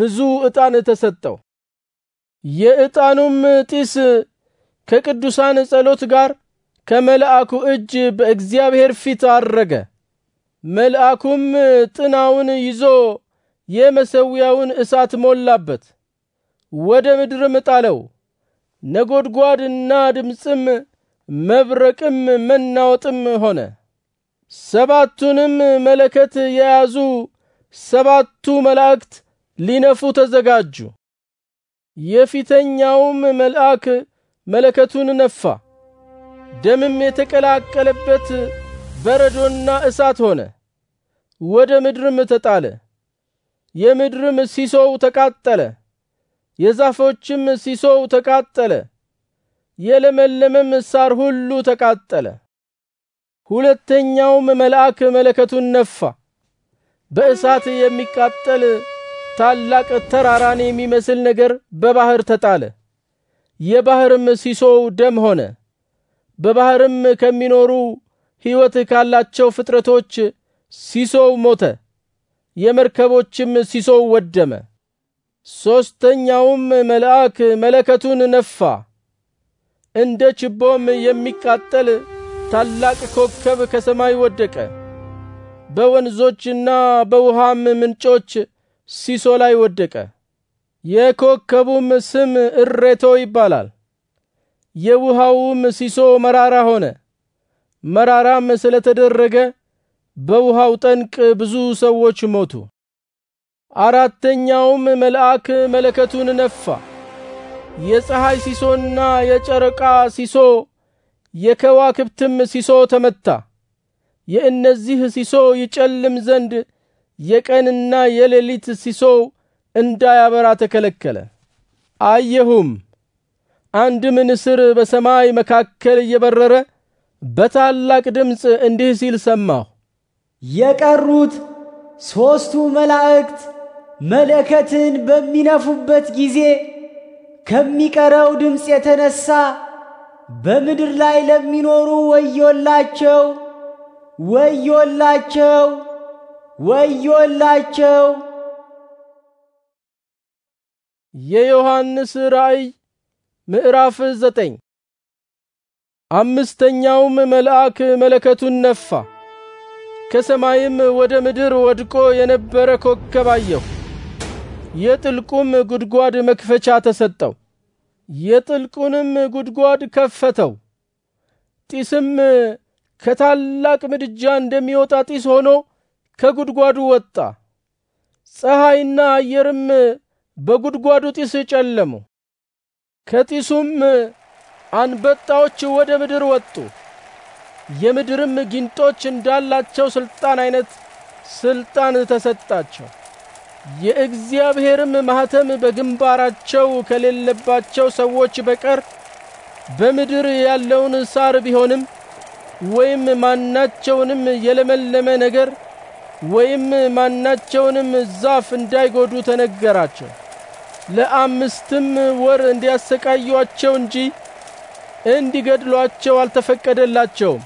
ብዙ ዕጣን ተሰጠው። የዕጣኑም ጢስ ከቅዱሳን ጸሎት ጋር ከመልአኩ እጅ በእግዚአብሔር ፊት አረገ። መልአኩም ጥናውን ይዞ የመሰዊያውን እሳት ሞላበት፣ ወደ ምድርም ጣለው። ነጎድጓድና ድምፅም መብረቅም መናወጥም ሆነ። ሰባቱንም መለከት የያዙ ሰባቱ መላእክት ሊነፉ ተዘጋጁ። የፊተኛውም መልአክ መለከቱን ነፋ። ደምም የተቀላቀለበት በረዶና እሳት ሆነ፣ ወደ ምድርም ተጣለ። የምድርም ሲሶው ተቃጠለ፣ የዛፎችም ሲሶው ተቃጠለ፣ የለመለመም ሳር ሁሉ ተቃጠለ። ሁለተኛውም መልአክ መለከቱን ነፋ፣ በእሳት የሚቃጠል ታላቅ ተራራን የሚመስል ነገር በባህር ተጣለ። የባህርም ሲሶው ደም ሆነ። በባህርም ከሚኖሩ ሕይወት ካላቸው ፍጥረቶች ሲሶው ሞተ፣ የመርከቦችም ሲሶው ወደመ። ሦስተኛውም መልአክ መለከቱን ነፋ፣ እንደ ችቦም የሚቃጠል ታላቅ ኮከብ ከሰማይ ወደቀ፣ በወንዞችና በውሃም ምንጮች ሲሶ ላይ ወደቀ። የኮከቡም ስም እሬቶ ይባላል። የውሃውም ሲሶ መራራ ሆነ። መራራም ስለተደረገ በውሃው ጠንቅ ብዙ ሰዎች ሞቱ። አራተኛውም መልአክ መለከቱን ነፋ። የፀሐይ ሲሶና የጨረቃ ሲሶ የከዋክብትም ሲሶ ተመታ። የእነዚህ ሲሶ ይጨልም ዘንድ የቀንና የሌሊት ሲሶ እንዳያበራ ተከለከለ። አየሁም አንድም ንስር በሰማይ መካከል እየበረረ በታላቅ ድምፅ እንዲህ ሲል ሰማሁ። የቀሩት ሦስቱ መላእክት መለከትን በሚነፉበት ጊዜ ከሚቀረው ድምፅ የተነሳ በምድር ላይ ለሚኖሩ ወዮላቸው፣ ወዮላቸው፣ ወዮላቸው የዮሐንስ ራእይ ምዕራፍ ዘጠኝ አምስተኛውም መልአክ መለከቱን ነፋ፣ ከሰማይም ወደ ምድር ወድቆ የነበረ ኮከብ አየሁ። የጥልቁም ጉድጓድ መክፈቻ ተሰጠው። የጥልቁንም ጉድጓድ ከፈተው። ጢስም ከታላቅ ምድጃ እንደሚወጣ ጢስ ሆኖ ከጉድጓዱ ወጣ። ፀሐይና አየርም በጉድጓዱ ጢስ ጨለሙ። ከጢሱም አንበጣዎች ወደ ምድር ወጡ። የምድርም ጊንጦች እንዳላቸው ስልጣን አይነት ስልጣን ተሰጣቸው። የእግዚአብሔርም ማኅተም በግንባራቸው ከሌለባቸው ሰዎች በቀር በምድር ያለውን ሳር ቢሆንም ወይም ማናቸውንም የለመለመ ነገር ወይም ማናቸውንም ዛፍ እንዳይጎዱ ተነገራቸው። ለአምስትም ወር እንዲያሰቃዩአቸው እንጂ እንዲገድሏቸው አልተፈቀደላቸውም።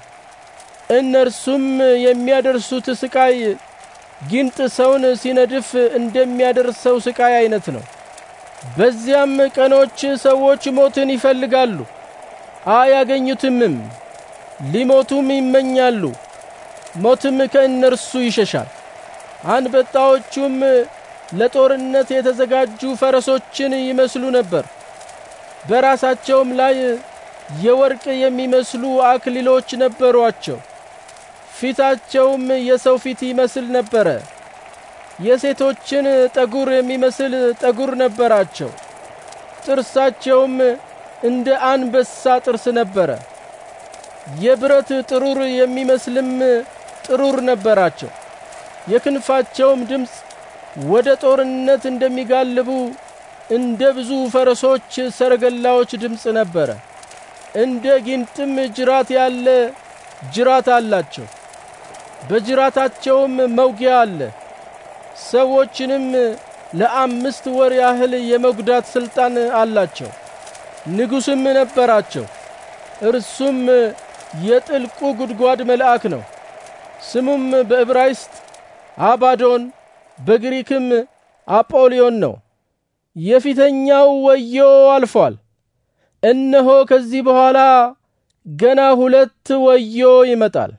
እነርሱም የሚያደርሱት ስቃይ ጊንጥ ሰውን ሲነድፍ እንደሚያደርሰው ስቃይ አይነት ነው። በዚያም ቀኖች ሰዎች ሞትን ይፈልጋሉ፣ አያገኙትምም። ሊሞቱም ይመኛሉ፣ ሞትም ከእነርሱ ይሸሻል። አንበጣዎቹም ለጦርነት የተዘጋጁ ፈረሶችን ይመስሉ ነበር። በራሳቸውም ላይ የወርቅ የሚመስሉ አክሊሎች ነበሯቸው። ፊታቸውም የሰው ፊት ይመስል ነበረ። የሴቶችን ጠጉር የሚመስል ጠጉር ነበራቸው። ጥርሳቸውም እንደ አንበሳ ጥርስ ነበረ። የብረት ጥሩር የሚመስልም ጥሩር ነበራቸው። የክንፋቸውም ድምፅ ወደ ጦርነት እንደሚጋልቡ እንደ ብዙ ፈረሶች፣ ሰረገላዎች ድምፅ ነበረ። እንደ ጊንጥም ጅራት ያለ ጅራት አላቸው። በጅራታቸውም መውጊያ አለ። ሰዎችንም ለአምስት ወር ያህል የመጉዳት ስልጣን አላቸው። ንጉሥም ነበራቸው። እርሱም የጥልቁ ጉድጓድ መልአክ ነው። ስሙም በዕብራይስጥ አባዶን በግሪክም አጶልዮን ነው። የፊተኛው ወዮ አልፏል። እነሆ ከዚህ በኋላ ገና ሁለት ወዮ ይመጣል።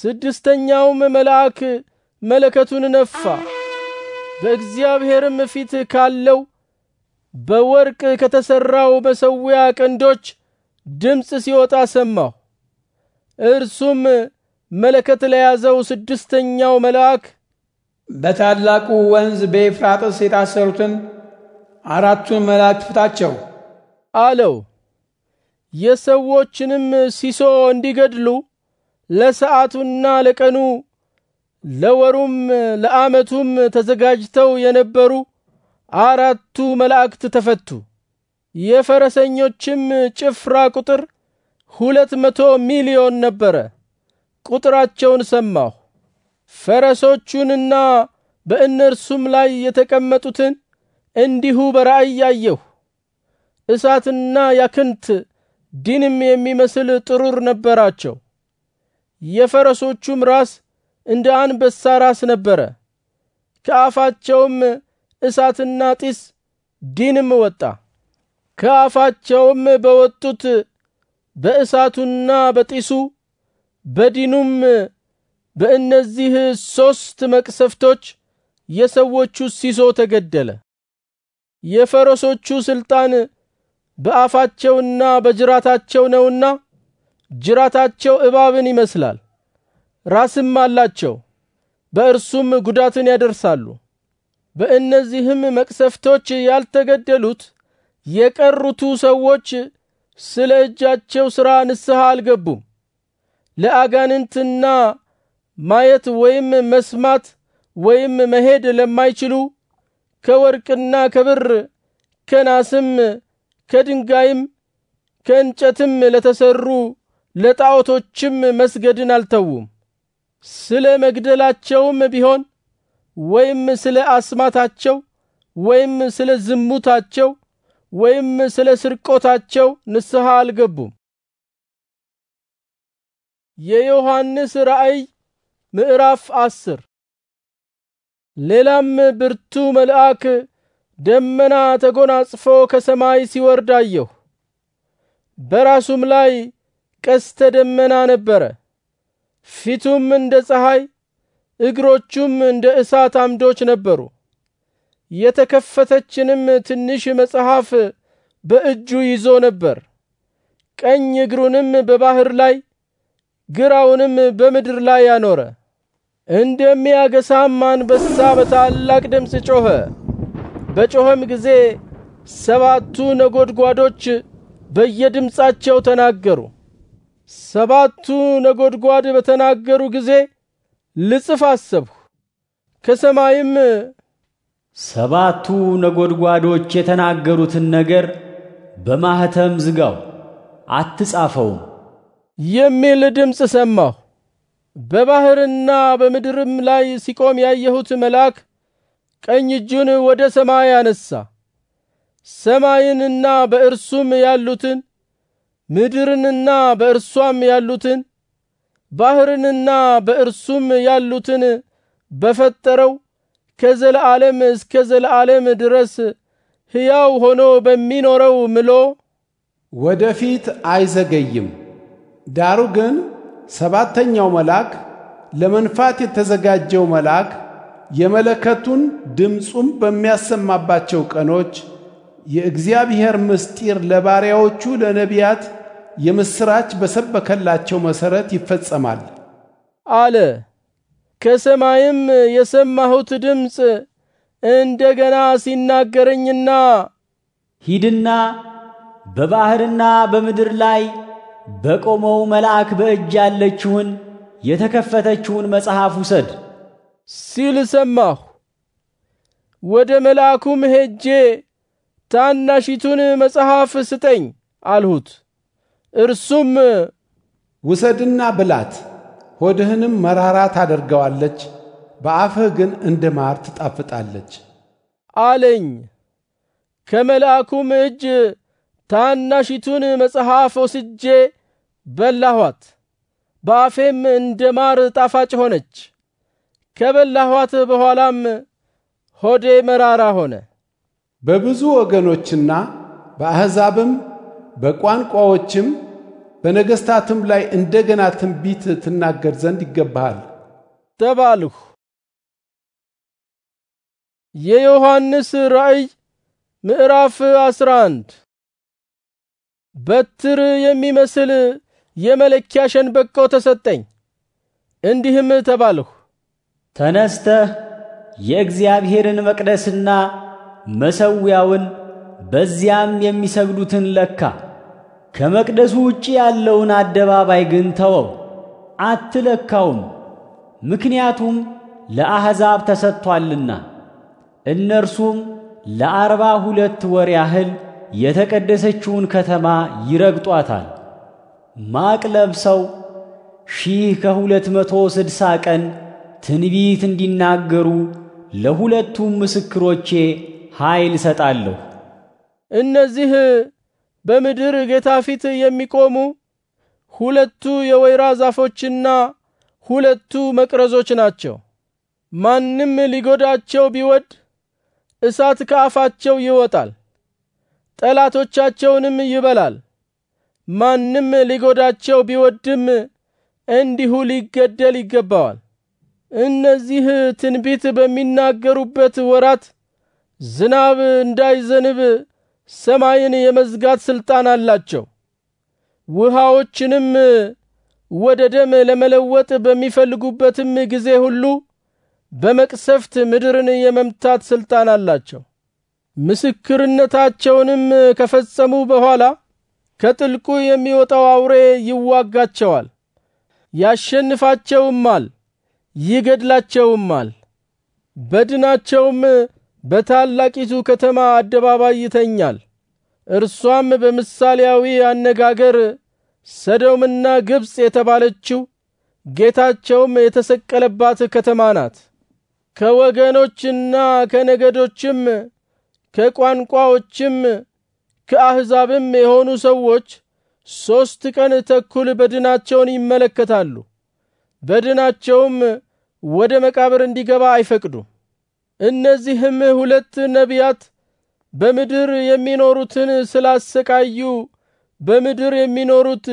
ስድስተኛውም መልአክ መለከቱን ነፋ። በእግዚአብሔርም ፊት ካለው በወርቅ ከተሰራው መሠዊያ ቀንዶች ድምፅ ሲወጣ ሰማሁ። እርሱም መለከት ለያዘው ስድስተኛው መልአክ በታላቁ ወንዝ በኤፍራጥስ የታሰሩትን አራቱን መላእክት ፍታቸው አለው። የሰዎችንም ሲሶ እንዲገድሉ ለሰዓቱና ለቀኑ ለወሩም ለዓመቱም ተዘጋጅተው የነበሩ አራቱ መላእክት ተፈቱ። የፈረሰኞችም ጭፍራ ቁጥር ሁለት መቶ ሚሊዮን ነበረ። ቁጥራቸውን ሰማሁ። ፈረሶቹንና በእነርሱም ላይ የተቀመጡትን እንዲሁ በራእይ ያየሁ። እሳትና ያክንት ዲንም የሚመስል ጥሩር ነበራቸው። የፈረሶቹም ራስ እንደ አንበሳ ራስ ነበረ። ከአፋቸውም እሳትና ጢስ ዲንም ወጣ። ከአፋቸውም በወጡት በእሳቱና በጢሱ በዲኑም በእነዚህ ሶስት መቅሰፍቶች የሰዎቹ ሲሶ ተገደለ። የፈረሶቹ ሥልጣን በአፋቸውና በጅራታቸው ነውና ጅራታቸው እባብን ይመስላል፣ ራስም አላቸው፣ በእርሱም ጉዳትን ያደርሳሉ። በእነዚህም መቅሰፍቶች ያልተገደሉት የቀሩቱ ሰዎች ስለ እጃቸው ሥራ ንስሐ አልገቡም። ለአጋንንትና ማየት ወይም መስማት ወይም መሄድ ለማይችሉ ከወርቅና ከብር ከናስም ከድንጋይም ከእንጨትም ለተሰሩ ለጣዖቶችም መስገድን አልተዉም። ስለ መግደላቸውም ቢሆን ወይም ስለ አስማታቸው ወይም ስለ ዝሙታቸው ወይም ስለ ስርቆታቸው ንስሐ አልገቡም። የዮሐንስ ራእይ ምዕራፍ አስር ሌላም ብርቱ መልአክ ደመና ተጎናጽፎ ከሰማይ ሲወርድ አየሁ። በራሱም ላይ ቀስተ ደመና ነበረ። ፊቱም እንደ ፀሐይ፣ እግሮቹም እንደ እሳት አምዶች ነበሩ። የተከፈተችንም ትንሽ መጽሐፍ በእጁ ይዞ ነበር። ቀኝ እግሩንም በባህር ላይ ግራውንም በምድር ላይ ያኖረ እንደሚያገሳም አንበሳ በታላቅ ድምፅ ጮኸ። በጮኸም ጊዜ ሰባቱ ነጎድጓዶች በየድምፃቸው ተናገሩ። ሰባቱ ነጎድጓድ በተናገሩ ጊዜ ልጽፍ አሰብሁ። ከሰማይም ሰባቱ ነጎድጓዶች የተናገሩትን ነገር በማኅተም ዝጋው አትጻፈውም የሚል ድምፅ ሰማሁ። በባህርና በምድርም ላይ ሲቆም ያየሁት መልአክ ቀኝ እጁን ወደ ሰማይ አነሳ፣ ሰማይንና በእርሱም ያሉትን፣ ምድርንና በእርሷም ያሉትን፣ ባሕርንና በእርሱም ያሉትን በፈጠረው ከዘለዓለም እስከ ዘለዓለም ድረስ ሕያው ሆኖ በሚኖረው ምሎ ወደፊት አይዘገይም ዳሩ ግን ሰባተኛው መልአክ ለመንፋት የተዘጋጀው መልአክ የመለከቱን ድምፁም በሚያሰማባቸው ቀኖች የእግዚአብሔር ምስጢር ለባሪያዎቹ ለነቢያት የምሥራች በሰበከላቸው መሠረት ይፈጸማል አለ። ከሰማይም የሰማሁት ድምፅ እንደገና ሲናገረኝና ሂድና በባህርና በምድር ላይ በቆመው መልአክ በእጅ ያለችውን የተከፈተችውን መጽሐፍ ውሰድ ሲል ሰማሁ። ወደ መልአኩም ሄጄ ታናሺቱን መጽሐፍ ስጠኝ አልሁት። እርሱም ውሰድና ብላት፣ ሆድህንም መራራ ታደርገዋለች፣ በአፍህ ግን እንደ ማር ትጣፍጣለች አለኝ። ከመልአኩም እጅ ታናሽቱን መጽሐፍ ወስጄ በላኋት፣ በአፌም እንደ ማር ጣፋጭ ሆነች። ከበላኋት በኋላም ሆዴ መራራ ሆነ። በብዙ ወገኖችና በአሕዛብም በቋንቋዎችም በነገሥታትም ላይ እንደገና ትንቢት ትናገር ዘንድ ይገባሃል ተባልሁ። የዮሐንስ ራእይ ምዕራፍ 11 በትር የሚመስል የመለኪያ ሸንበቆ ተሰጠኝ። እንዲህም ተባልሁ፣ ተነስተህ የእግዚአብሔርን መቅደስና መሠዊያውን በዚያም የሚሰግዱትን ለካ። ከመቅደሱ ውጭ ያለውን አደባባይ ግን ተወው፣ አትለካውም፤ ምክንያቱም ለአሕዛብ ተሰጥቶአልና እነርሱም ለአርባ ሁለት ወር ያህል የተቀደሰችውን ከተማ ይረግጧታል። ማቅ ለብሰው ሺህ ከሁለት መቶ ስድሳ ቀን ትንቢት እንዲናገሩ ለሁለቱም ምስክሮቼ ኃይል እሰጣለሁ። እነዚህ በምድር ጌታ ፊት የሚቆሙ ሁለቱ የወይራ ዛፎችና ሁለቱ መቅረዞች ናቸው። ማንም ሊጎዳቸው ቢወድ እሳት ከአፋቸው ይወጣል። ጠላቶቻቸውንም ይበላል። ማንም ሊጎዳቸው ቢወድም እንዲሁ ሊገደል ይገባዋል። እነዚህ ትንቢት በሚናገሩበት ወራት ዝናብ እንዳይዘንብ ሰማይን የመዝጋት ስልጣን አላቸው። ውሃዎችንም ወደ ደም ለመለወጥ በሚፈልጉበትም ጊዜ ሁሉ በመቅሰፍት ምድርን የመምታት ስልጣን አላቸው። ምስክርነታቸውንም ከፈጸሙ በኋላ ከጥልቁ የሚወጣው አውሬ ይዋጋቸዋል፣ ያሸንፋቸውማል፣ ይገድላቸውማል። በድናቸውም በታላቂቱ ከተማ አደባባይ ይተኛል። እርሷም በምሳሌያዊ አነጋገር ሰዶምና ግብፅ የተባለችው ጌታቸውም የተሰቀለባት ከተማ ናት። ከወገኖችና ከነገዶችም ከቋንቋዎችም ከአሕዛብም የሆኑ ሰዎች ሦስት ቀን ተኩል በድናቸውን ይመለከታሉ። በድናቸውም ወደ መቃብር እንዲገባ አይፈቅዱም። እነዚህም ሁለት ነቢያት በምድር የሚኖሩትን ስላሰቃዩ በምድር የሚኖሩት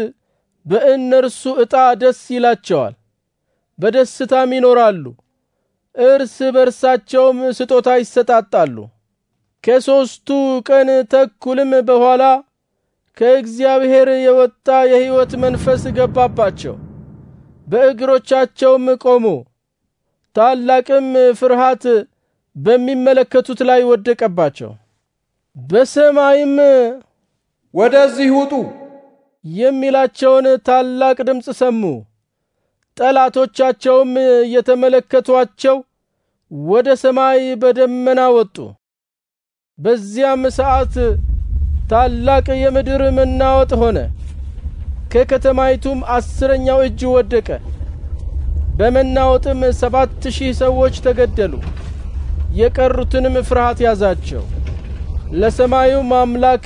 በእነርሱ ዕጣ ደስ ይላቸዋል፣ በደስታም ይኖራሉ። እርስ በርሳቸውም ስጦታ ይሰጣጣሉ። ከሦስቱ ቀን ተኩልም በኋላ ከእግዚአብሔር የወጣ የሕይወት መንፈስ ገባባቸው፣ በእግሮቻቸውም ቆሙ። ታላቅም ፍርሃት በሚመለከቱት ላይ ወደቀባቸው። በሰማይም ወደዚህ ውጡ የሚላቸውን ታላቅ ድምፅ ሰሙ። ጠላቶቻቸውም እየተመለከቷቸው ወደ ሰማይ በደመና ወጡ። በዚያም ሰዓት ታላቅ የምድር መናወጥ ሆነ። ከከተማይቱም አስረኛው እጅ ወደቀ። በመናወጥም ሰባት ሺህ ሰዎች ተገደሉ። የቀሩትንም ፍርሃት ያዛቸው። ለሰማዩም አምላክ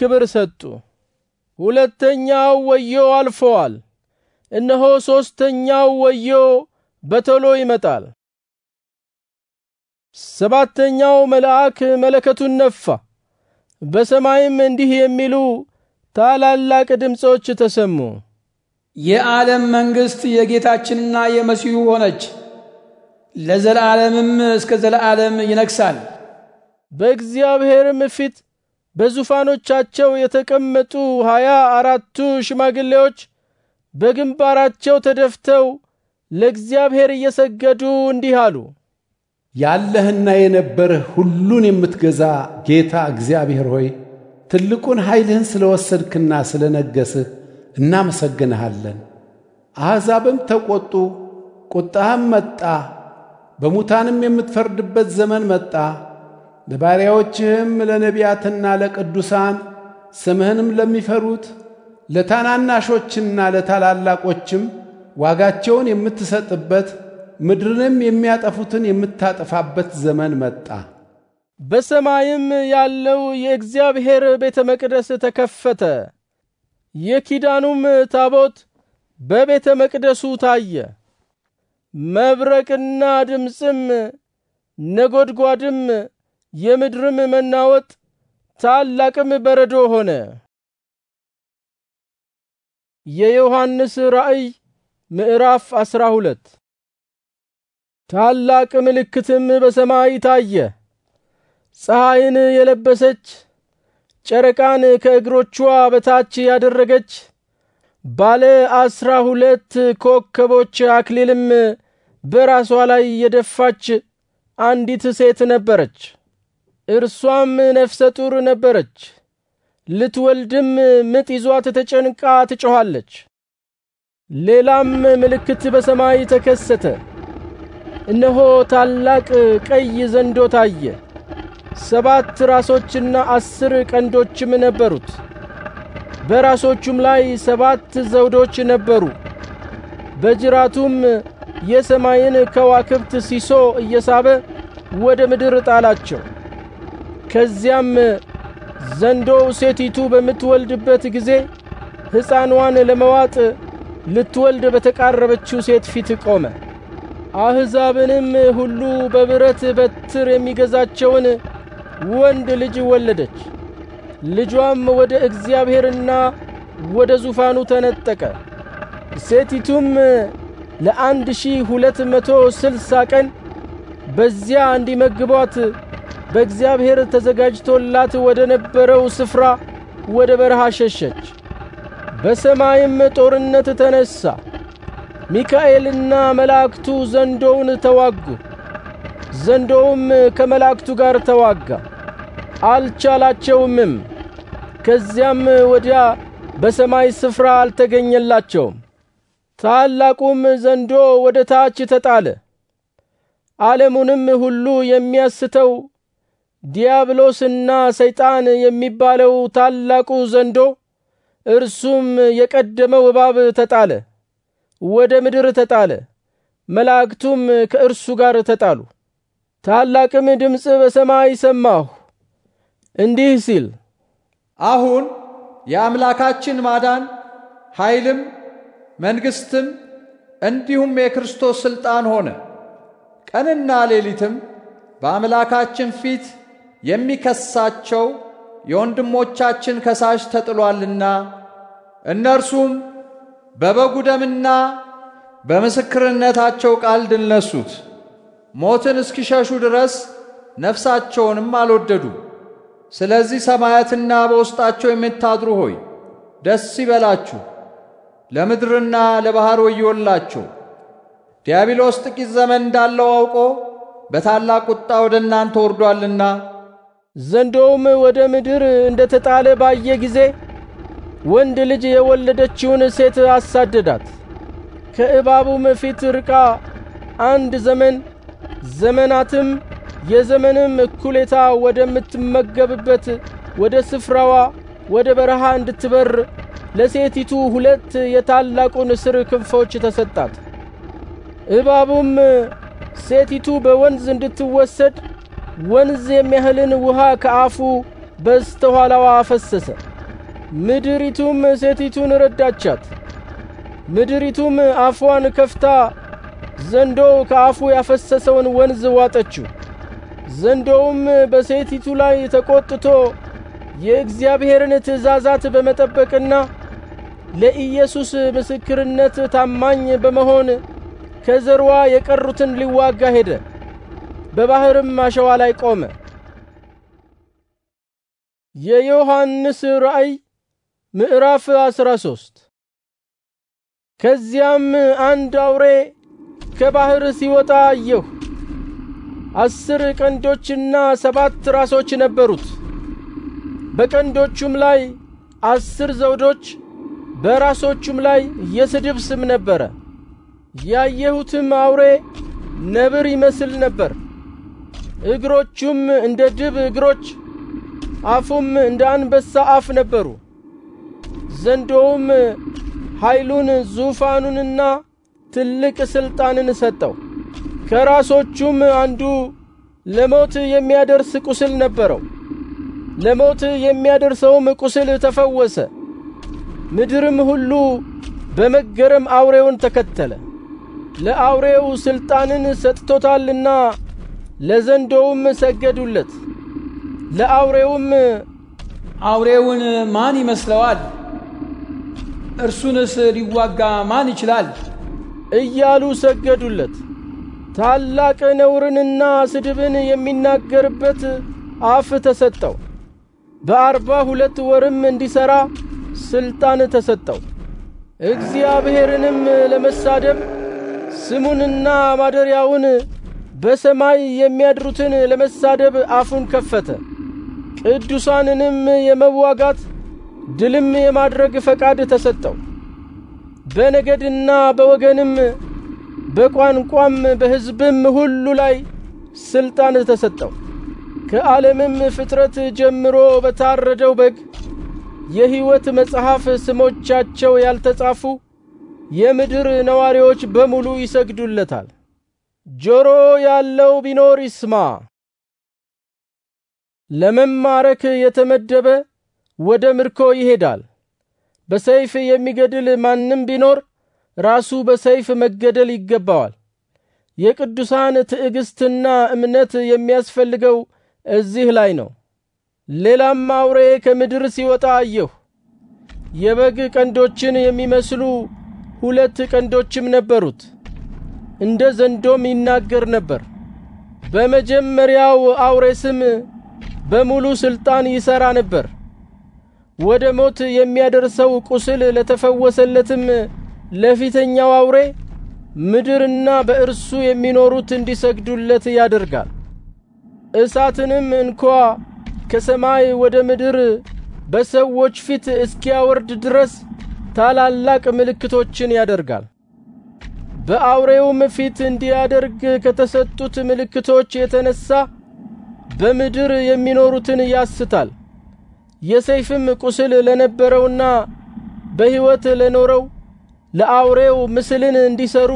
ክብር ሰጡ። ሁለተኛው ወዮ አልፈዋል። እነሆ ሶስተኛው ወዮ በቶሎ ይመጣል። ሰባተኛው መልአክ መለከቱን ነፋ፣ በሰማይም እንዲህ የሚሉ ታላላቅ ድምፆች ተሰሙ፣ የዓለም መንግሥት የጌታችንና የመሲሁ ሆነች፣ ለዘላለምም እስከ ዘላለም ይነግሣል። በእግዚአብሔርም ፊት በዙፋኖቻቸው የተቀመጡ ሀያ አራቱ ሽማግሌዎች በግንባራቸው ተደፍተው ለእግዚአብሔር እየሰገዱ እንዲህ አሉ። ያለህና የነበረህ ሁሉን የምትገዛ ጌታ እግዚአብሔር ሆይ ትልቁን ኃይልህን ስለ ወሰድክና ስለ ነገሥህ እናመሰግንሃለን። አሕዛብም ተቈጡ፣ ቁጣህም መጣ፣ በሙታንም የምትፈርድበት ዘመን መጣ። ለባሪያዎችህም ለነቢያትና ለቅዱሳን ስምህንም ለሚፈሩት ለታናናሾችና ለታላላቆችም ዋጋቸውን የምትሰጥበት ምድርንም የሚያጠፉትን የምታጠፋበት ዘመን መጣ። በሰማይም ያለው የእግዚአብሔር ቤተ መቅደስ ተከፈተ፣ የኪዳኑም ታቦት በቤተ መቅደሱ ታየ። መብረቅና ድምፅም፣ ነጎድጓድም፣ የምድርም መናወጥ፣ ታላቅም በረዶ ሆነ። የዮሐንስ ራእይ ምዕራፍ አስራ ሁለት ታላቅ ምልክትም በሰማይ ታየ። ፀሐይን የለበሰች ጨረቃን ከእግሮቿ በታች ያደረገች ባለ አስራ ሁለት ኮከቦች አክሊልም በራሷ ላይ የደፋች አንዲት ሴት ነበረች። እርሷም ነፍሰ ጡር ነበረች። ልትወልድም ምጥ ይዟት ተጨንቃ ትጮኋለች። ሌላም ምልክት በሰማይ ተከሰተ። እነሆ ታላቅ ቀይ ዘንዶ ታየ። ሰባት ራሶችና አስር ቀንዶችም ነበሩት። በራሶቹም ላይ ሰባት ዘውዶች ነበሩ። በጅራቱም የሰማይን ከዋክብት ሲሶ እየሳበ ወደ ምድር ጣላቸው። ከዚያም ዘንዶው ሴቲቱ በምትወልድበት ጊዜ ሕፃንዋን ለመዋጥ ልትወልድ በተቃረበችው ሴት ፊት ቆመ። አሕዛብንም ሁሉ በብረት በትር የሚገዛቸውን ወንድ ልጅ ወለደች። ልጇም ወደ እግዚአብሔርና ወደ ዙፋኑ ተነጠቀ። ሴቲቱም ለአንድ ሺህ ሁለት መቶ ስልሳ ቀን በዚያ እንዲመግቧት በእግዚአብሔር ተዘጋጅቶላት ወደ ነበረው ስፍራ ወደ በረሃ ሸሸች። በሰማይም ጦርነት ተነሳ። ሚካኤልና መላእክቱ ዘንዶውን ተዋጉ። ዘንዶውም ከመላእክቱ ጋር ተዋጋ፣ አልቻላቸውምም። ከዚያም ወዲያ በሰማይ ስፍራ አልተገኘላቸውም። ታላቁም ዘንዶ ወደ ታች ተጣለ። ዓለሙንም ሁሉ የሚያስተው ዲያብሎስና ሰይጣን የሚባለው ታላቁ ዘንዶ እርሱም የቀደመው እባብ ተጣለ። ወደ ምድር ተጣለ፣ መላእክቱም ከእርሱ ጋር ተጣሉ። ታላቅም ድምፅ በሰማይ ሰማሁ እንዲህ ሲል አሁን የአምላካችን ማዳን ኃይልም መንግስትም እንዲሁም የክርስቶስ ስልጣን ሆነ። ቀንና ሌሊትም በአምላካችን ፊት የሚከሳቸው የወንድሞቻችን ከሳሽ ተጥሏልና እነርሱም በበጉ ደምና በምስክርነታቸው ቃል ድል ነሱት። ሞትን እስኪሸሹ ድረስ ነፍሳቸውንም አልወደዱ። ስለዚህ ሰማያትና በውስጣቸው የምታድሩ ሆይ ደስ ይበላችሁ፣ ለምድርና ለባህር ወዮላችሁ። ዲያብሎስ ጥቂት ዘመን እንዳለው አውቆ በታላቅ ቁጣ ወደ እናንተ ወርዷልና። ዘንዶውም ወደ ምድር እንደተጣለ ባየ ጊዜ ወንድ ልጅ የወለደችውን ሴት አሳደዳት። ከእባቡም ፊት ርቃ አንድ ዘመን ዘመናትም የዘመንም እኩሌታ ወደምትመገብበት ወደ ስፍራዋ ወደ በረሃ እንድትበር ለሴቲቱ ሁለት የታላቁን ንስር ክንፎች ተሰጣት። እባቡም ሴቲቱ በወንዝ እንድትወሰድ ወንዝ የሚያህልን ውሃ ከአፉ በስተኋላዋ አፈሰሰ። ምድሪቱም ሴቲቱን ረዳቻት። ምድሪቱም አፏን ከፍታ ዘንዶው ከአፉ ያፈሰሰውን ወንዝ ዋጠችው። ዘንዶውም በሴቲቱ ላይ ተቆጥቶ የእግዚአብሔርን ትእዛዛት በመጠበቅና ለኢየሱስ ምስክርነት ታማኝ በመሆን ከዘርዋ የቀሩትን ሊዋጋ ሄደ። በባሕርም አሸዋ ላይ ቆመ። የዮሐንስ ራእይ ምዕራፍ 13 ከዚያም አንድ አውሬ ከባህር ሲወጣ አየሁ። አስር ቀንዶችና ሰባት ራሶች ነበሩት። በቀንዶቹም ላይ አስር ዘውዶች፣ በራሶቹም ላይ የስድብ ስም ነበረ። ያየሁትም አውሬ ነብር ይመስል ነበር። እግሮቹም እንደ ድብ እግሮች፣ አፉም እንደ አንበሳ አፍ ነበሩ። ዘንዶውም ኃይሉን ዙፋኑንና ትልቅ ሥልጣንን ሰጠው። ከራሶቹም አንዱ ለሞት የሚያደርስ ቁስል ነበረው። ለሞት የሚያደርሰውም ቁስል ተፈወሰ። ምድርም ሁሉ በመገረም አውሬውን ተከተለ። ለአውሬው ሥልጣንን ሰጥቶታልና ለዘንዶውም ሰገዱለት። ለአውሬውም አውሬውን ማን ይመስለዋል? እርሱንስ ሊዋጋ ማን ይችላል? እያሉ ሰገዱለት። ታላቅ ነውርንና ስድብን የሚናገርበት አፍ ተሰጠው። በአርባ ሁለት ወርም እንዲሠራ ሥልጣን ተሰጠው። እግዚአብሔርንም ለመሳደብ ስሙንና ማደሪያውን በሰማይ የሚያድሩትን ለመሳደብ አፉን ከፈተ። ቅዱሳንንም የመዋጋት ድልም የማድረግ ፈቃድ ተሰጠው። በነገድና በወገንም በቋንቋም በሕዝብም ሁሉ ላይ ሥልጣን ተሰጠው። ከዓለምም ፍጥረት ጀምሮ በታረደው በግ የሕይወት መጽሐፍ ስሞቻቸው ያልተጻፉ የምድር ነዋሪዎች በሙሉ ይሰግዱለታል። ጆሮ ያለው ቢኖር ይስማ። ለመማረክ የተመደበ ወደ ምርኮ ይሄዳል። በሰይፍ የሚገድል ማንም ቢኖር ራሱ በሰይፍ መገደል ይገባዋል። የቅዱሳን ትዕግስትና እምነት የሚያስፈልገው እዚህ ላይ ነው። ሌላም አውሬ ከምድር ሲወጣ አየሁ። የበግ ቀንዶችን የሚመስሉ ሁለት ቀንዶችም ነበሩት። እንደ ዘንዶም ይናገር ነበር። በመጀመሪያው አውሬ ስም በሙሉ ስልጣን ይሰራ ነበር። ወደ ሞት የሚያደርሰው ቁስል ለተፈወሰለትም ለፊተኛው አውሬ ምድርና በእርሱ የሚኖሩት እንዲሰግዱለት ያደርጋል። እሳትንም እንኳ ከሰማይ ወደ ምድር በሰዎች ፊት እስኪያወርድ ድረስ ታላላቅ ምልክቶችን ያደርጋል። በአውሬውም ፊት እንዲያደርግ ከተሰጡት ምልክቶች የተነሳ በምድር የሚኖሩትን ያስታል። የሰይፍም ቁስል ለነበረውና በሕይወት ለኖረው ለአውሬው ምስልን እንዲሰሩ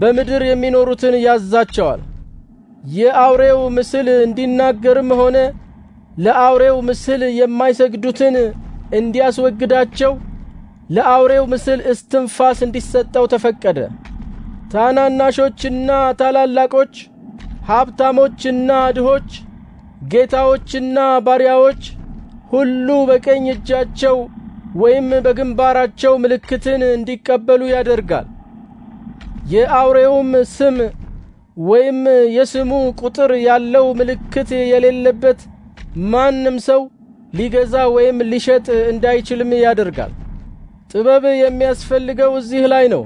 በምድር የሚኖሩትን ያዛቸዋል። የአውሬው ምስል እንዲናገርም ሆነ ለአውሬው ምስል የማይሰግዱትን እንዲያስወግዳቸው ለአውሬው ምስል እስትንፋስ እንዲሰጠው ተፈቀደ። ታናናሾችና ታላላቆች፣ ሀብታሞችና ድሆች፣ ጌታዎችና ባሪያዎች ሁሉ በቀኝ እጃቸው ወይም በግንባራቸው ምልክትን እንዲቀበሉ ያደርጋል። የአውሬውም ስም ወይም የስሙ ቁጥር ያለው ምልክት የሌለበት ማንም ሰው ሊገዛ ወይም ሊሸጥ እንዳይችልም ያደርጋል። ጥበብ የሚያስፈልገው እዚህ ላይ ነው።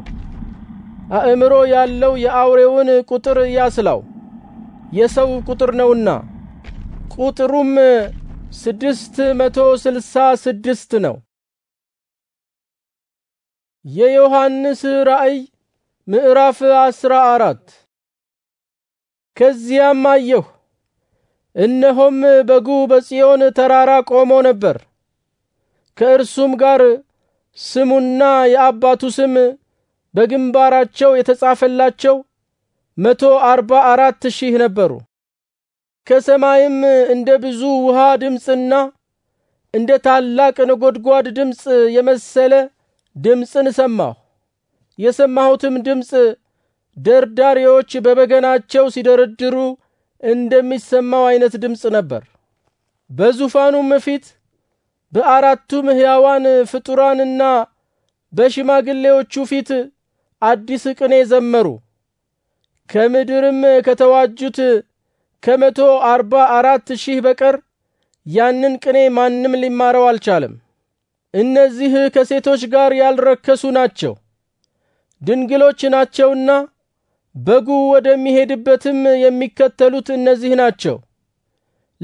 አእምሮ ያለው የአውሬውን ቁጥር ያስላው፣ የሰው ቁጥር ነውና ቁጥሩም ስድስት መቶ ስልሳ ስድስት ነው። የዮሐንስ ራእይ ምዕራፍ አስራ አራት ከዚያም አየሁ፣ እነሆም በጉ በጽዮን ተራራ ቆሞ ነበር፣ ከእርሱም ጋር ስሙና የአባቱ ስም በግንባራቸው የተጻፈላቸው መቶ አርባ አራት ሺህ ነበሩ። ከሰማይም እንደ ብዙ ውሃ ድምፅና እንደ ታላቅ ነጎድጓድ ድምፅ የመሰለ ድምፅን ሰማሁ። የሰማሁትም ድምፅ ደርዳሪዎች በበገናቸው ሲደረድሩ እንደሚሰማው አይነት ድምፅ ነበር። በዙፋኑም ፊት በአራቱም ሕያዋን ፍጡራንና በሽማግሌዎቹ ፊት አዲስ ቅኔ ዘመሩ። ከምድርም ከተዋጁት ከመቶ አርባ አራት ሺህ በቀር ያንን ቅኔ ማንም ሊማረው አልቻለም። እነዚህ ከሴቶች ጋር ያልረከሱ ናቸው፣ ድንግሎች ናቸውና በጉ ወደሚሄድበትም የሚከተሉት እነዚህ ናቸው።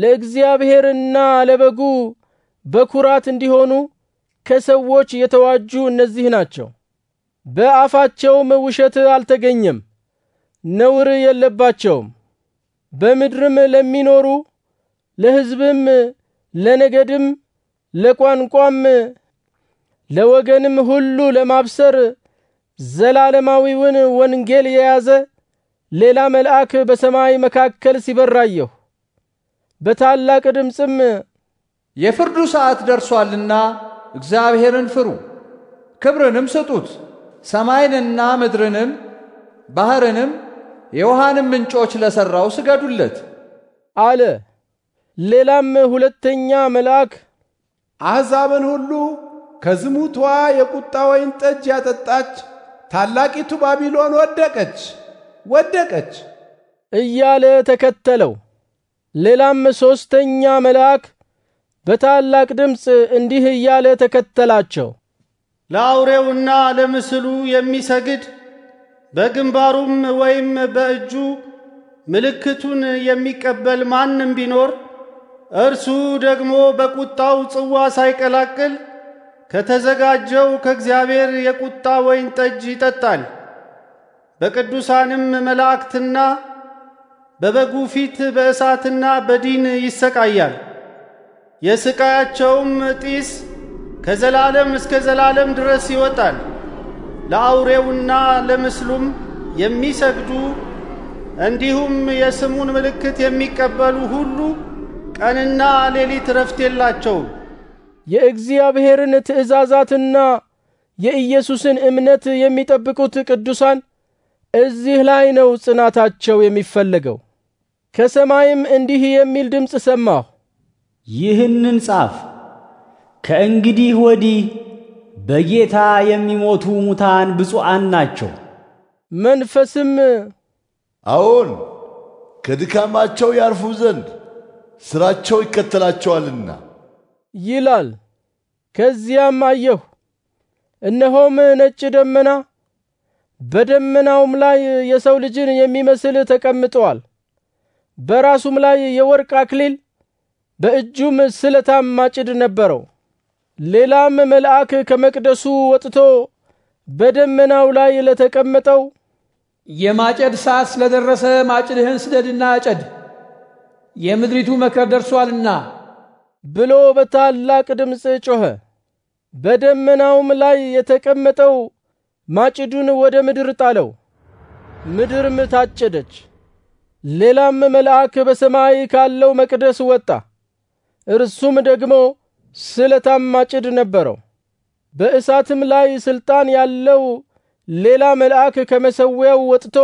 ለእግዚአብሔርና ለበጉ በኩራት እንዲሆኑ ከሰዎች የተዋጁ እነዚህ ናቸው። በአፋቸውም ውሸት አልተገኘም፣ ነውር የለባቸውም። በምድርም ለሚኖሩ ለሕዝብም፣ ለነገድም፣ ለቋንቋም፣ ለወገንም ሁሉ ለማብሰር ዘላለማዊውን ወንጌል የያዘ ሌላ መልአክ በሰማይ መካከል ሲበራየሁ! በታላቅ ድምፅም የፍርዱ ሰዓት ደርሷልና እግዚአብሔርን ፍሩ፣ ክብርንም ስጡት። ሰማይንና ምድርንም ባህርንም የውሃንም ምንጮች ለሠራው ስገዱለት አለ። ሌላም ሁለተኛ መልአክ አሕዛብን ሁሉ ከዝሙቷ የቁጣ ወይን ጠጅ ያጠጣች ታላቂቱ ባቢሎን ወደቀች ወደቀች እያለ ተከተለው። ሌላም ሶስተኛ መልአክ በታላቅ ድምፅ እንዲህ እያለ ተከተላቸው። ለአውሬውና ለምስሉ የሚሰግድ በግንባሩም ወይም በእጁ ምልክቱን የሚቀበል ማንም ቢኖር እርሱ ደግሞ በቁጣው ጽዋ ሳይቀላቅል ከተዘጋጀው ከእግዚአብሔር የቁጣ ወይን ጠጅ ይጠጣል። በቅዱሳንም መላእክትና በበጉ ፊት በእሳትና በዲን ይሰቃያል። የስቃያቸውም ጢስ ከዘላለም እስከ ዘላለም ድረስ ይወጣል። ለአውሬውና ለምስሉም የሚሰግዱ እንዲሁም የስሙን ምልክት የሚቀበሉ ሁሉ ቀንና ሌሊት ረፍት የላቸው የእግዚአብሔርን ትእዛዛትና የኢየሱስን እምነት የሚጠብቁት ቅዱሳን እዚህ ላይ ነው ጽናታቸው የሚፈለገው። ከሰማይም እንዲህ የሚል ድምፅ ሰማሁ፣ ይህንን ጻፍ ከእንግዲህ ወዲህ በጌታ የሚሞቱ ሙታን ብፁዓን ናቸው። መንፈስም አዎን ከድካማቸው ያርፉ ዘንድ ስራቸው ይከተላቸዋልና ይላል። ከዚያም አየሁ፣ እነሆም ነጭ ደመና፣ በደመናውም ላይ የሰው ልጅን የሚመስል ተቀምጠዋል። በራሱም ላይ የወርቅ አክሊል፣ በእጁም ስለታም ማጭድ ነበረው። ሌላም መልአክ ከመቅደሱ ወጥቶ በደመናው ላይ ለተቀመጠው የማጨድ ሰዓት ስለደረሰ ማጭድህን ስደድና አጨድ፣ የምድሪቱ መከር ደርሷልና ብሎ በታላቅ ድምፅ ጮኸ። በደመናውም ላይ የተቀመጠው ማጭዱን ወደ ምድር ጣለው፣ ምድርም ታጨደች። ሌላም መልአክ በሰማይ ካለው መቅደስ ወጣ፣ እርሱም ደግሞ ስለታም ማጭድ ነበረው። በእሳትም ላይ ስልጣን ያለው ሌላ መልአክ ከመሰዊያው ወጥቶ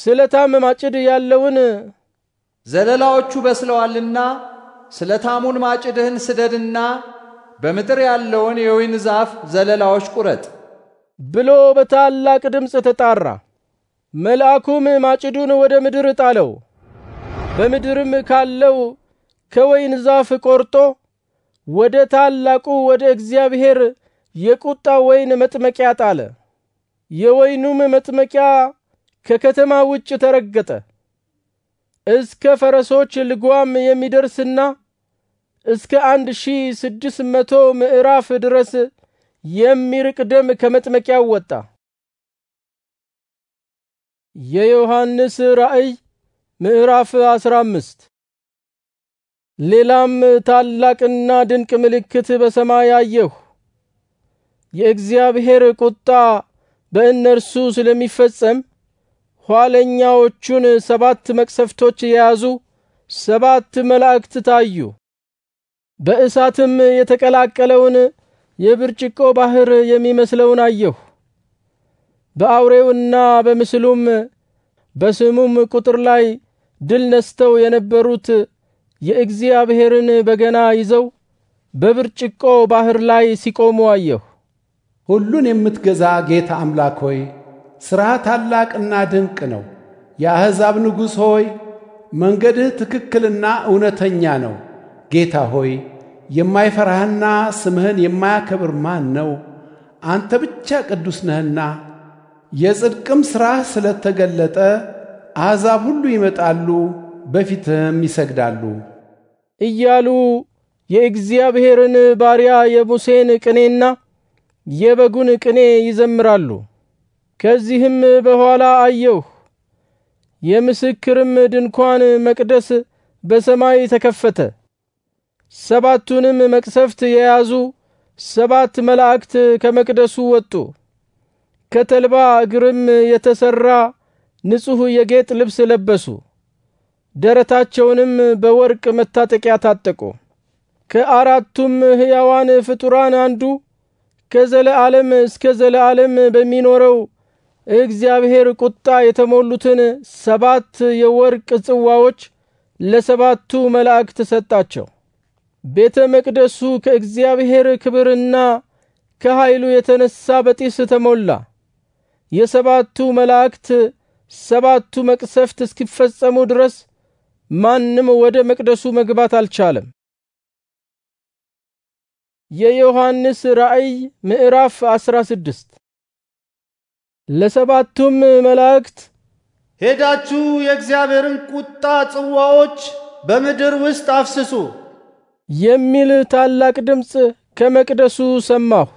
ስለታም ማጭድ ያለውን ዘለላዎቹ በስለዋልና ስለታሙን ማጭድህን ስደድና በምድር ያለውን የወይን ዛፍ ዘለላዎች ቁረጥ ብሎ በታላቅ ድምፅ ተጣራ። መልአኩም ማጭዱን ወደ ምድር ጣለው። በምድርም ካለው ከወይን ዛፍ ቆርጦ ወደ ታላቁ ወደ እግዚአብሔር የቁጣ ወይን መጥመቂያ ጣለ። የወይኑም መጥመቂያ ከከተማ ውጭ ተረገጠ፣ እስከ ፈረሶች ልጓም የሚደርስና እስከ አንድ ሺ ስድስት መቶ ምዕራፍ ድረስ የሚርቅ ደም ከመጥመቂያው ወጣ። የዮሐንስ ራእይ ምዕራፍ አስራ አምስት ሌላም ታላቅና ድንቅ ምልክት በሰማይ አየሁ። የእግዚአብሔር ቁጣ በእነርሱ ስለሚፈጸም ኋለኛዎቹን ሰባት መቅሰፍቶች የያዙ ሰባት መላእክት ታዩ። በእሳትም የተቀላቀለውን የብርጭቆ ባህር የሚመስለውን አየሁ። በአውሬውና በምስሉም በስሙም ቁጥር ላይ ድል ነስተው የነበሩት የእግዚአብሔርን በገና ይዘው በብርጭቆ ባህር ላይ ሲቆሙ አየሁ። ሁሉን የምትገዛ ጌታ አምላክ ሆይ ሥራ ታላቅና ድንቅ ነው። የአሕዛብ ንጉሥ ሆይ መንገድህ ትክክልና እውነተኛ ነው። ጌታ ሆይ የማይፈራህና ስምህን የማያከብር ማን ነው? አንተ ብቻ ቅዱስ ነህና የጽድቅም ሥራህ ስለተገለጠ አሕዛብ ሁሉ ይመጣሉ በፊትህም ይሰግዳሉ እያሉ የእግዚአብሔርን ባሪያ የሙሴን ቅኔና የበጉን ቅኔ ይዘምራሉ። ከዚህም በኋላ አየሁ፣ የምስክርም ድንኳን መቅደስ በሰማይ ተከፈተ። ሰባቱንም መቅሰፍት የያዙ ሰባት መላእክት ከመቅደሱ ወጡ። ከተልባ እግርም የተሰራ ንጹሕ የጌጥ ልብስ ለበሱ። ደረታቸውንም በወርቅ መታጠቂያ ታጠቁ። ከአራቱም ሕያዋን ፍጡራን አንዱ ከዘለ ዓለም እስከ ዘለ ዓለም በሚኖረው እግዚአብሔር ቁጣ የተሞሉትን ሰባት የወርቅ ጽዋዎች ለሰባቱ መላእክት ሰጣቸው። ቤተ መቅደሱ ከእግዚአብሔር ክብርና ከኃይሉ የተነሳ በጢስ ተሞላ። የሰባቱ መላእክት ሰባቱ መቅሰፍት እስኪፈጸሙ ድረስ ማንም ወደ መቅደሱ መግባት አልቻለም። የዮሐንስ ራእይ ምዕራፍ 16 ለሰባቱም መላእክት ሄዳችሁ የእግዚአብሔርን ቁጣ ጽዋዎች በምድር ውስጥ አፍስሱ የሚል ታላቅ ድምፅ ከመቅደሱ ሰማሁ።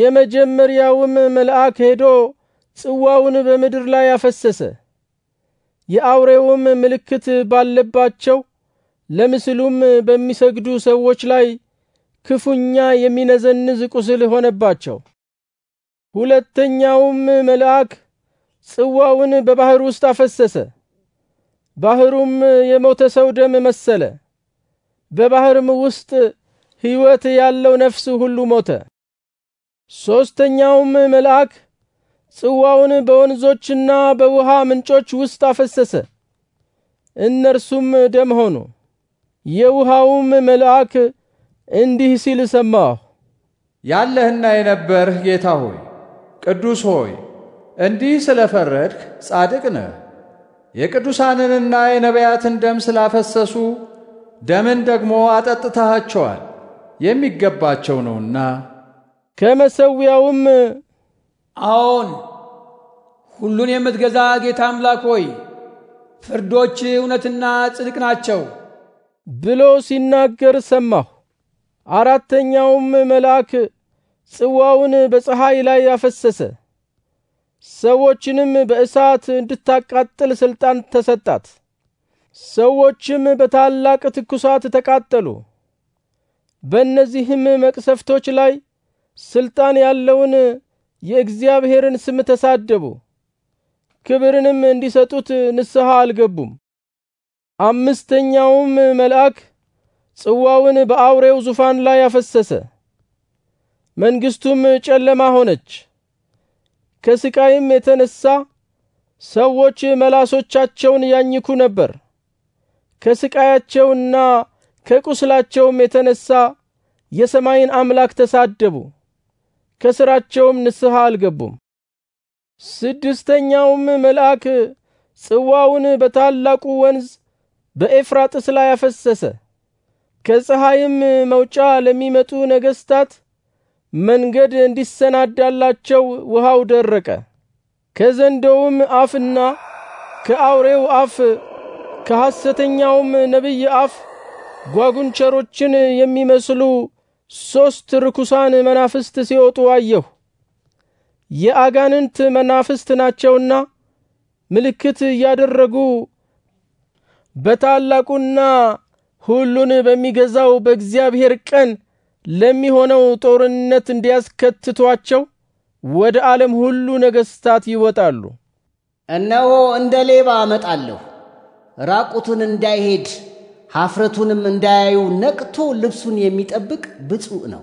የመጀመሪያውም መልአክ ሄዶ ጽዋውን በምድር ላይ አፈሰሰ። የአውሬውም ምልክት ባለባቸው ለምስሉም በሚሰግዱ ሰዎች ላይ ክፉኛ የሚነዘንዝ ቁስል ሆነባቸው። ሁለተኛውም መልአክ ጽዋውን በባህር ውስጥ አፈሰሰ። ባህሩም የሞተ ሰው ደም መሰለ። በባህርም ውስጥ ሕይወት ያለው ነፍስ ሁሉ ሞተ። ሦስተኛውም መልአክ ጽዋውን በወንዞችና በውሃ ምንጮች ውስጥ አፈሰሰ፣ እነርሱም ደም ሆኑ። የውሃውም መልአክ እንዲህ ሲል ሰማሁ። ያለህና የነበርህ ጌታ ሆይ ቅዱስ ሆይ እንዲህ ፈረድክ ጻድቅ ነህ። የቅዱሳንንና የነቢያትን ደም ስላፈሰሱ ደምን ደግሞ አጠጥተሃቸዋል፣ የሚገባቸው ነውና። ከመሠዊያውም አዎን ሁሉን የምትገዛ ጌታ አምላክ ሆይ ፍርዶች እውነትና ጽድቅ ናቸው ብሎ ሲናገር ሰማሁ። አራተኛውም መልአክ ጽዋውን በፀሐይ ላይ ያፈሰሰ፣ ሰዎችንም በእሳት እንድታቃጥል ስልጣን ተሰጣት። ሰዎችም በታላቅ ትኩሳት ተቃጠሉ። በእነዚህም መቅሰፍቶች ላይ ስልጣን ያለውን የእግዚአብሔርን ስም ተሳደቡ፣ ክብርንም እንዲሰጡት ንስሐ አልገቡም። አምስተኛውም መልአክ ጽዋውን በአውሬው ዙፋን ላይ አፈሰሰ። መንግስቱም ጨለማ ሆነች። ከስቃይም የተነሳ ሰዎች መላሶቻቸውን ያኝኩ ነበር። ከስቃያቸውና ከቁስላቸውም የተነሳ የሰማይን አምላክ ተሳደቡ። ከስራቸውም ንስሐ አልገቡም። ስድስተኛውም መልአክ ጽዋውን በታላቁ ወንዝ በኤፍራጥስ ላይ አፈሰሰ። ከፀሐይም መውጫ ለሚመጡ ነገስታት መንገድ እንዲሰናዳላቸው ውሃው ደረቀ። ከዘንዶውም አፍና ከአውሬው አፍ ከሐሰተኛውም ነቢይ አፍ ጓጉንቸሮችን የሚመስሉ ሦስት ርኩሳን መናፍስት ሲወጡ አየሁ። የአጋንንት መናፍስት ናቸውና ምልክት እያደረጉ በታላቁና ሁሉን በሚገዛው በእግዚአብሔር ቀን ለሚሆነው ጦርነት እንዲያስከትቷቸው ወደ ዓለም ሁሉ ነገሥታት ይወጣሉ። እነሆ እንደ ሌባ አመጣለሁ፣ ራቁቱን እንዳይሄድ ኀፍረቱንም እንዳያዩ ነቅቶ ልብሱን የሚጠብቅ ብፁዕ ነው።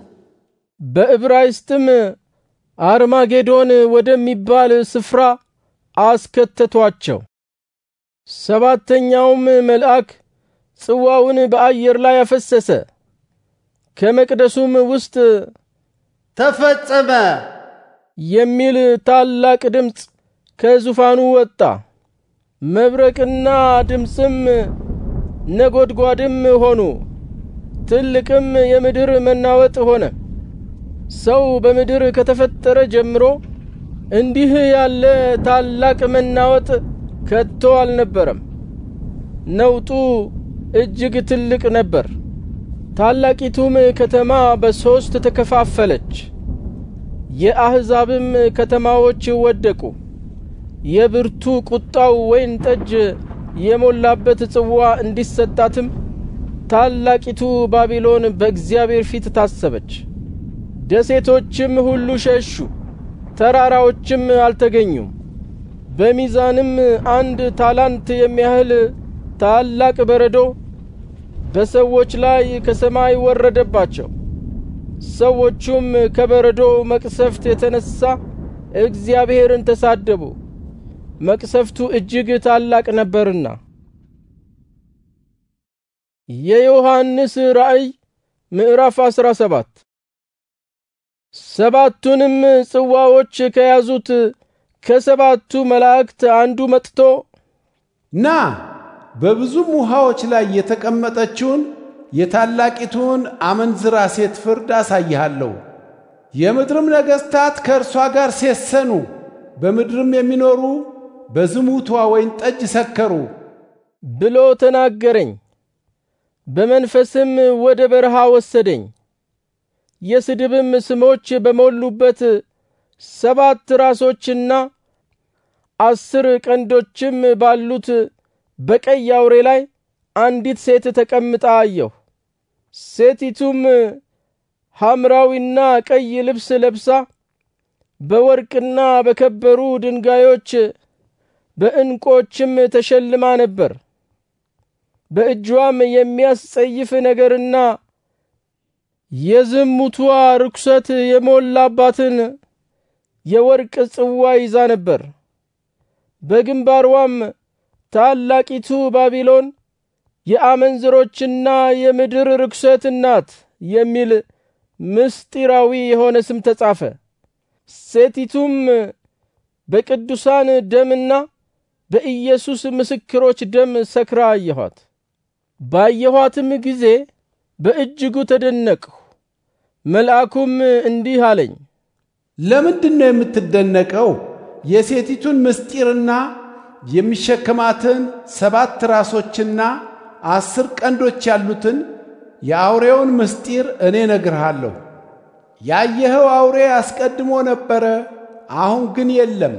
በዕብራይስጥም አርማጌዶን ወደሚባል ስፍራ አስከተቷቸው። ሰባተኛውም መልአክ ጽዋውን በአየር ላይ አፈሰሰ። ከመቅደሱም ውስጥ ተፈጸመ የሚል ታላቅ ድምፅ ከዙፋኑ ወጣ። መብረቅና ድምፅም ነጎድጓድም ሆኑ፣ ትልቅም የምድር መናወጥ ሆነ። ሰው በምድር ከተፈጠረ ጀምሮ እንዲህ ያለ ታላቅ መናወጥ ከቶ አልነበረም። ነውጡ እጅግ ትልቅ ነበር። ታላቂቱም ከተማ በሶስት ተከፋፈለች። የአሕዛብም ከተማዎች ወደቁ። የብርቱ ቁጣው ወይን ጠጅ የሞላበት ጽዋ እንዲሰጣትም ታላቂቱ ባቢሎን በእግዚአብሔር ፊት ታሰበች። ደሴቶችም ሁሉ ሸሹ፣ ተራራዎችም አልተገኙም። በሚዛንም አንድ ታላንት የሚያህል ታላቅ በረዶ በሰዎች ላይ ከሰማይ ወረደባቸው። ሰዎቹም ከበረዶ መቅሰፍት የተነሳ እግዚአብሔርን ተሳደቡ። መቅሰፍቱ እጅግ ታላቅ ነበርና። የዮሐንስ ራእይ ምዕራፍ 17 ሰባቱንም ጽዋዎች ከያዙት ከሰባቱ መላእክት አንዱ መጥቶ ና በብዙም ውሃዎች ላይ የተቀመጠችውን የታላቂቱን አመንዝራ ሴት ፍርድ አሳይሃለሁ። የምድርም ነገሥታት ከእርሷ ጋር ሴሰኑ፣ በምድርም የሚኖሩ በዝሙቷ ወይን ጠጅ ሰከሩ ብሎ ተናገረኝ። በመንፈስም ወደ በረሃ ወሰደኝ። የስድብም ስሞች በሞሉበት ሰባት ራሶችና አስር ቀንዶችም ባሉት በቀይ አውሬ ላይ አንዲት ሴት ተቀምጣ አየሁ። ሴቲቱም ሐምራዊና ቀይ ልብስ ለብሳ በወርቅና በከበሩ ድንጋዮች በእንቆችም ተሸልማ ነበር። በእጇም የሚያስጸይፍ ነገርና የዝሙቷ ርኩሰት የሞላባትን የወርቅ ጽዋ ይዛ ነበር። በግንባርዋም ታላቂቱ ባቢሎን የአመንዝሮችና የምድር ርኩሰት እናት የሚል ምስጢራዊ የሆነ ስም ተጻፈ። ሴቲቱም በቅዱሳን ደምና በኢየሱስ ምስክሮች ደም ሰክራ አየኋት። ባየኋትም ጊዜ በእጅጉ ተደነቅሁ። መልአኩም እንዲህ አለኝ፣ ለምንድን ነው የምትደነቀው? የሴቲቱን ምስጢርና የሚሸከማትን ሰባት ራሶችና አስር ቀንዶች ያሉትን የአውሬውን ምስጢር እኔ ነግርሃለሁ። ያየኸው አውሬ አስቀድሞ ነበረ፣ አሁን ግን የለም፣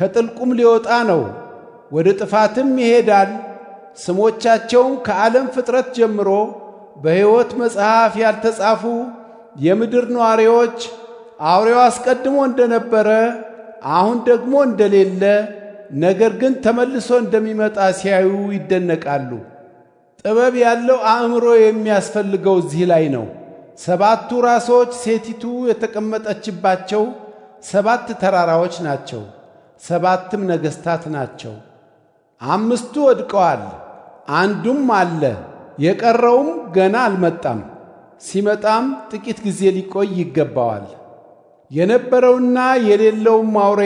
ከጥልቁም ሊወጣ ነው ወደ ጥፋትም ይሄዳል። ስሞቻቸውም ከዓለም ፍጥረት ጀምሮ በሕይወት መጽሐፍ ያልተጻፉ የምድር ነዋሪዎች አውሬው አስቀድሞ እንደነበረ አሁን ደግሞ እንደሌለ ነገር ግን ተመልሶ እንደሚመጣ ሲያዩ ይደነቃሉ። ጥበብ ያለው አእምሮ የሚያስፈልገው እዚህ ላይ ነው። ሰባቱ ራሶች ሴቲቱ የተቀመጠችባቸው ሰባት ተራራዎች ናቸው፣ ሰባትም ነገሥታት ናቸው። አምስቱ ወድቀዋል፣ አንዱም አለ፣ የቀረውም ገና አልመጣም። ሲመጣም ጥቂት ጊዜ ሊቆይ ይገባዋል። የነበረውና የሌለውም አውሬ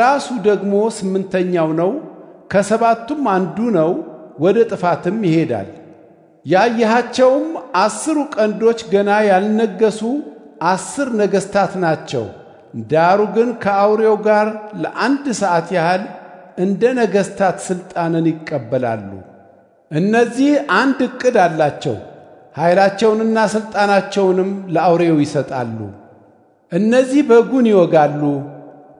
ራሱ ደግሞ ስምንተኛው ነው፣ ከሰባቱም አንዱ ነው፣ ወደ ጥፋትም ይሄዳል። ያየሃቸውም አስሩ ቀንዶች ገና ያልነገሱ አስር ነገሥታት ናቸው። ዳሩ ግን ከአውሬው ጋር ለአንድ ሰዓት ያህል እንደ ነገሥታት ሥልጣንን ይቀበላሉ። እነዚህ አንድ ዕቅድ አላቸው። ኃይላቸውንና ሥልጣናቸውንም ለአውሬው ይሰጣሉ። እነዚህ በጉን ይወጋሉ።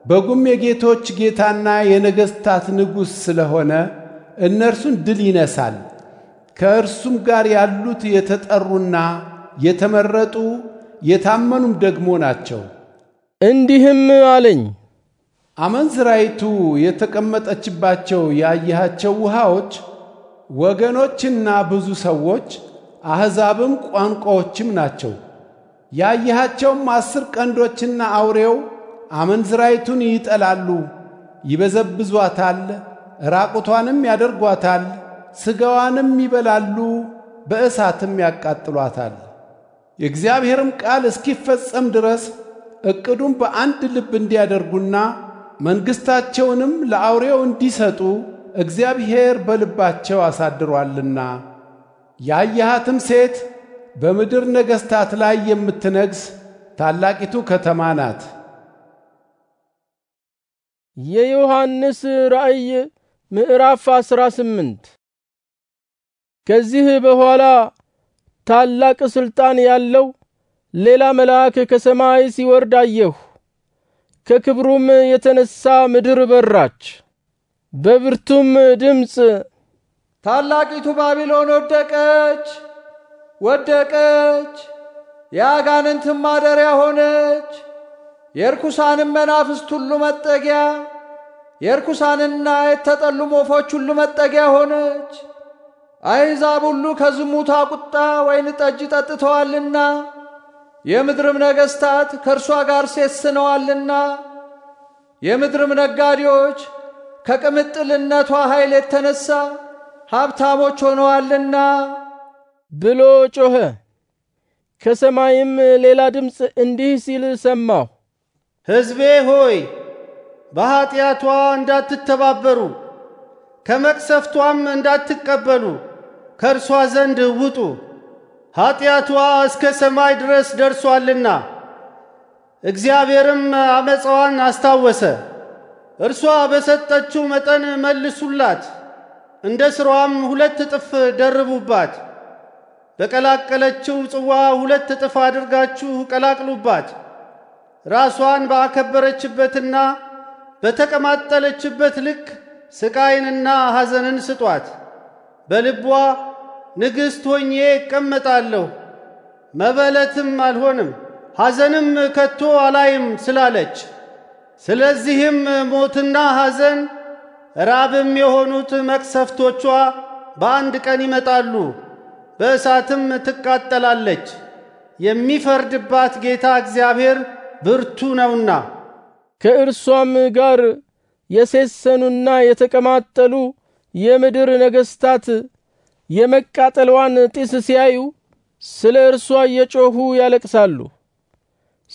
በጉም የጌቶች ጌታና የነገሥታት ንጉሥ ስለሆነ እነርሱን ድል ይነሳል። ከእርሱም ጋር ያሉት የተጠሩና የተመረጡ የታመኑም ደግሞ ናቸው። እንዲህም አለኝ አመንዝራይቱ የተቀመጠችባቸው ያየሃቸው ውሃዎች ወገኖችና ብዙ ሰዎች አሕዛብም ቋንቋዎችም ናቸው። ያየሃቸውም አስር ቀንዶችና አውሬው አመንዝራይቱን ይጠላሉ፣ ይበዘብዟታል፣ ራቁቷንም ያደርጓታል፣ ሥጋዋንም ይበላሉ፣ በእሳትም ያቃጥሏታል። የእግዚአብሔርም ቃል እስኪፈጸም ድረስ እቅዱን በአንድ ልብ እንዲያደርጉና መንግሥታቸውንም ለአውሬው እንዲሰጡ እግዚአብሔር በልባቸው አሳድሯልና። ያየሃትም ሴት በምድር ነገሥታት ላይ የምትነግስ ታላቂቱ ከተማ ናት። የዮሐንስ ራእይ ምዕራፍ አስራ ስምንት ከዚህ በኋላ ታላቅ ስልጣን ያለው ሌላ መልአክ ከሰማይ ሲወርድ አየሁ። ከክብሩም የተነሳ ምድር በራች። በብርቱም ድምፅ ታላቂቱ ባቢሎን ወደቀች፣ ወደቀች፣ የአጋንንትም ማደሪያ ሆነች፣ የርኩሳንም መናፍስት ሁሉ መጠጊያ፣ የርኩሳንና የተጠሉ ወፎች ሁሉ መጠጊያ ሆነች። አሕዛብ ሁሉ ከዝሙቷ ቁጣ ወይን ጠጅ ጠጥተዋልና የምድርም ነገሥታት ከእርሷ ጋር ሴስነዋልና የምድርም ነጋዴዎች ከቅምጥልነቷ ኃይል የተነሳ ሀብታሞች ሆነዋልና ብሎ ጮኸ። ከሰማይም ሌላ ድምፅ እንዲህ ሲል ሰማሁ። ሕዝቤ ሆይ በኀጢአቷ እንዳትተባበሩ ከመቅሰፍቷም እንዳትቀበሉ ከእርሷ ዘንድ ውጡ። ኀጢአቷ እስከ ሰማይ ድረስ ደርሷልና እግዚአብሔርም አመፃዋን አስታወሰ። እርሷ በሰጠችው መጠን መልሱላት፣ እንደ ሥሯም ሁለት እጥፍ ደርቡባት። በቀላቀለችው ጽዋ ሁለት እጥፍ አድርጋችሁ ቀላቅሉባት። ራሷን ባከበረችበትና በተቀማጠለችበት ልክ ስቃይንና ሐዘንን ስጧት። በልቧ ንግሥት ሆኜ እቀመጣለሁ፣ መበለትም አልሆንም፣ ሐዘንም ከቶ አላይም ስላለች ስለዚህም ሞትና ሐዘን ራብም የሆኑት መቅሰፍቶቿ በአንድ ቀን ይመጣሉ፣ በእሳትም ትቃጠላለች። የሚፈርድባት ጌታ እግዚአብሔር ብርቱ ነውና። ከእርሷም ጋር የሴሰኑና የተቀማጠሉ የምድር ነገሥታት የመቃጠልዋን ጢስ ሲያዩ ስለ እርሷ እየጮኹ ያለቅሳሉ።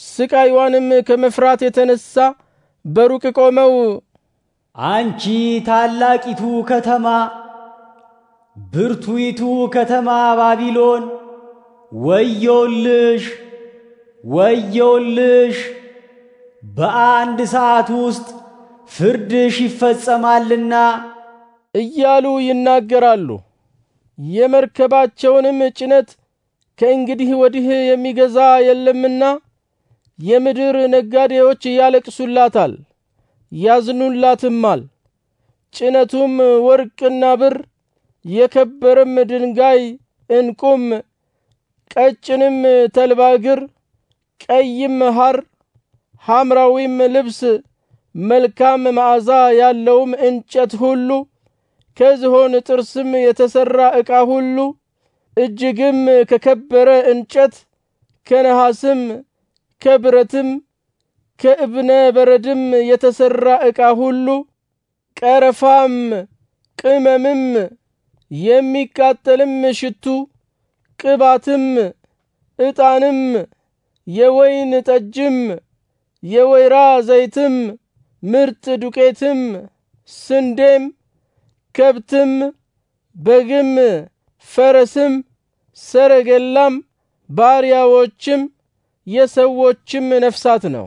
ስቃይዋንም ከመፍራት የተነሳ በሩቅ ቆመው አንቺ ታላቂቱ ከተማ፣ ብርቱይቱ ከተማ ባቢሎን ወየውልሽ፣ ወየውልሽ በአንድ ሰዓት ውስጥ ፍርድሽ ይፈጸማልና እያሉ ይናገራሉ። የመርከባቸውንም ጭነት ከእንግዲህ ወዲህ የሚገዛ የለምና የምድር ነጋዴዎች ያለቅሱላታል፣ ያዝኑላትማል። ጭነቱም ወርቅና ብር፣ የከበረም ድንጋይ፣ እንቁም፣ ቀጭንም ተልባ እግር፣ ቀይም ሐር፣ ሐምራዊም ልብስ፣ መልካም መዓዛ ያለውም እንጨት ሁሉ ከዝሆን ጥርስም የተሰራ ዕቃ ሁሉ እጅግም ከከበረ እንጨት ከነሐስም ከብረትም ከእብነ በረድም የተሰራ ዕቃ ሁሉ ቀረፋም ቅመምም የሚቃጠልም ሽቱ ቅባትም ዕጣንም የወይን ጠጅም የወይራ ዘይትም ምርጥ ዱቄትም ስንዴም ከብትም በግም ፈረስም ሰረገላም ባሪያዎችም የሰዎችም ነፍሳት ነው።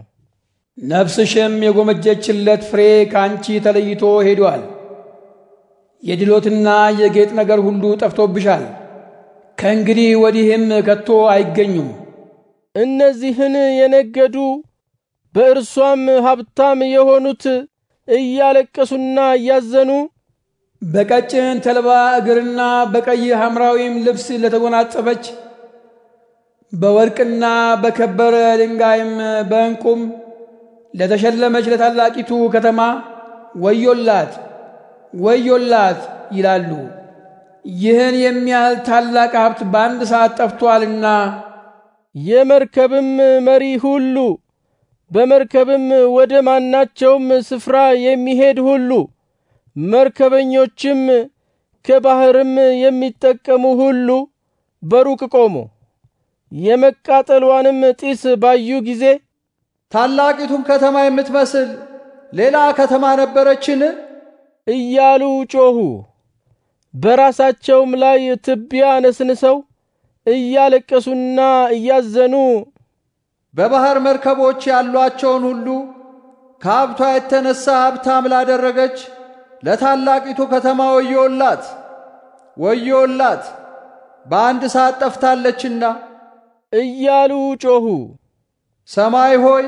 ነፍስሽም የጎመጀችለት ፍሬ ከአንቺ ተለይቶ ሄዷል። የድሎትና የጌጥ ነገር ሁሉ ጠፍቶብሻል። ከእንግዲህ ወዲህም ከቶ አይገኙም። እነዚህን የነገዱ በእርሷም ሀብታም የሆኑት እያለቀሱና እያዘኑ በቀጭን ተልባ እግርና በቀይ ሐምራዊም ልብስ ለተጎናጸፈች በወርቅና በከበረ ድንጋይም በእንቁም ለተሸለመች ለታላቂቱ ከተማ ወዮላት ወዮላት ይላሉ። ይህን የሚያህል ታላቅ ሀብት በአንድ ሰዓት ጠፍቷልና። የመርከብም መሪ ሁሉ በመርከብም ወደ ማናቸውም ስፍራ የሚሄድ ሁሉ መርከበኞችም ከባህርም የሚጠቀሙ ሁሉ በሩቅ ቆሙ። የመቃጠሏንም ጢስ ባዩ ጊዜ ታላቂቱም ከተማ የምትመስል ሌላ ከተማ ነበረችን እያሉ ጮኹ። በራሳቸውም ላይ ትቢያ ነስንሰው እያለቀሱና እያዘኑ በባህር መርከቦች ያሏቸውን ሁሉ ከሀብቷ የተነሳ ሀብታም ላደረገች ለታላቂቱ ከተማ ወዮላት! ወዮላት! በአንድ ሰዓት ጠፍታለችና እያሉ ጮኹ። ሰማይ ሆይ፣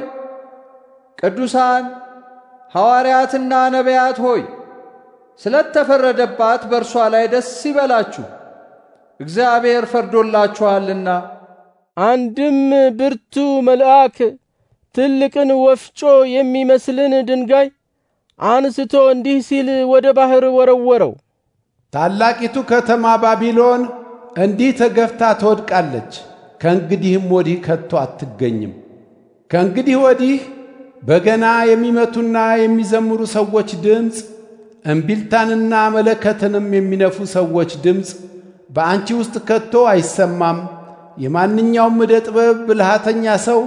ቅዱሳን ሐዋርያትና ነቢያት ሆይ ስለተፈረደባት በእርሷ ላይ ደስ ይበላችሁ፣ እግዚአብሔር ፈርዶላችኋልና። አንድም ብርቱ መልአክ ትልቅን ወፍጮ የሚመስልን ድንጋይ አንስቶ እንዲህ ሲል ወደ ባሕር ወረወረው። ታላቂቱ ከተማ ባቢሎን እንዲህ ተገፍታ ትወድቃለች፣ ከእንግዲህም ወዲህ ከቶ አትገኝም። ከእንግዲህ ወዲህ በገና የሚመቱና የሚዘምሩ ሰዎች ድምፅ፣ እምቢልታንና መለከትንም የሚነፉ ሰዎች ድምፅ በአንቺ ውስጥ ከቶ አይሰማም። የማንኛውም ዕደ ጥበብ ብልሃተኛ ሰው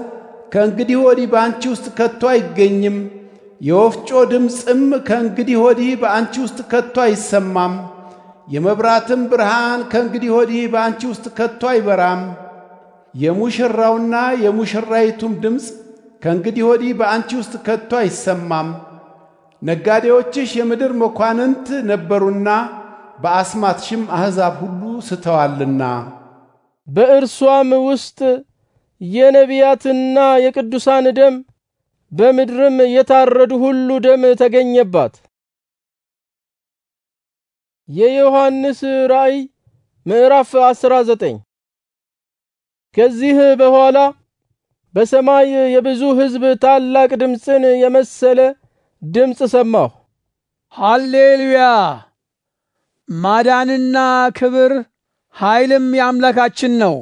ከእንግዲህ ወዲህ በአንቺ ውስጥ ከቶ አይገኝም የወፍጮ ድምፅም ከእንግዲህ ወዲህ በአንቺ ውስጥ ከቶ አይሰማም፣ የመብራትም ብርሃን ከእንግዲህ ወዲህ በአንቺ ውስጥ ከቶ አይበራም። የሙሽራውና የሙሽራይቱም ድምፅ ከእንግዲህ ወዲህ በአንቺ ውስጥ ከቶ አይሰማም። ነጋዴዎችሽ የምድር መኳንንት ነበሩና በአስማትሽም አሕዛብ ሁሉ ስተዋልና። በእርሷም ውስጥ የነቢያትና የቅዱሳን ደም በምድርም የታረዱ ሁሉ ደም ተገኘባት። የዮሐንስ ራእይ ምዕራፍ 19 ከዚህ በኋላ በሰማይ የብዙ ሕዝብ ታላቅ ድምፅን የመሰለ ድምፅ ሰማሁ። ሃሌሉያ! ማዳንና ክብር ኃይልም የአምላካችን ነው፣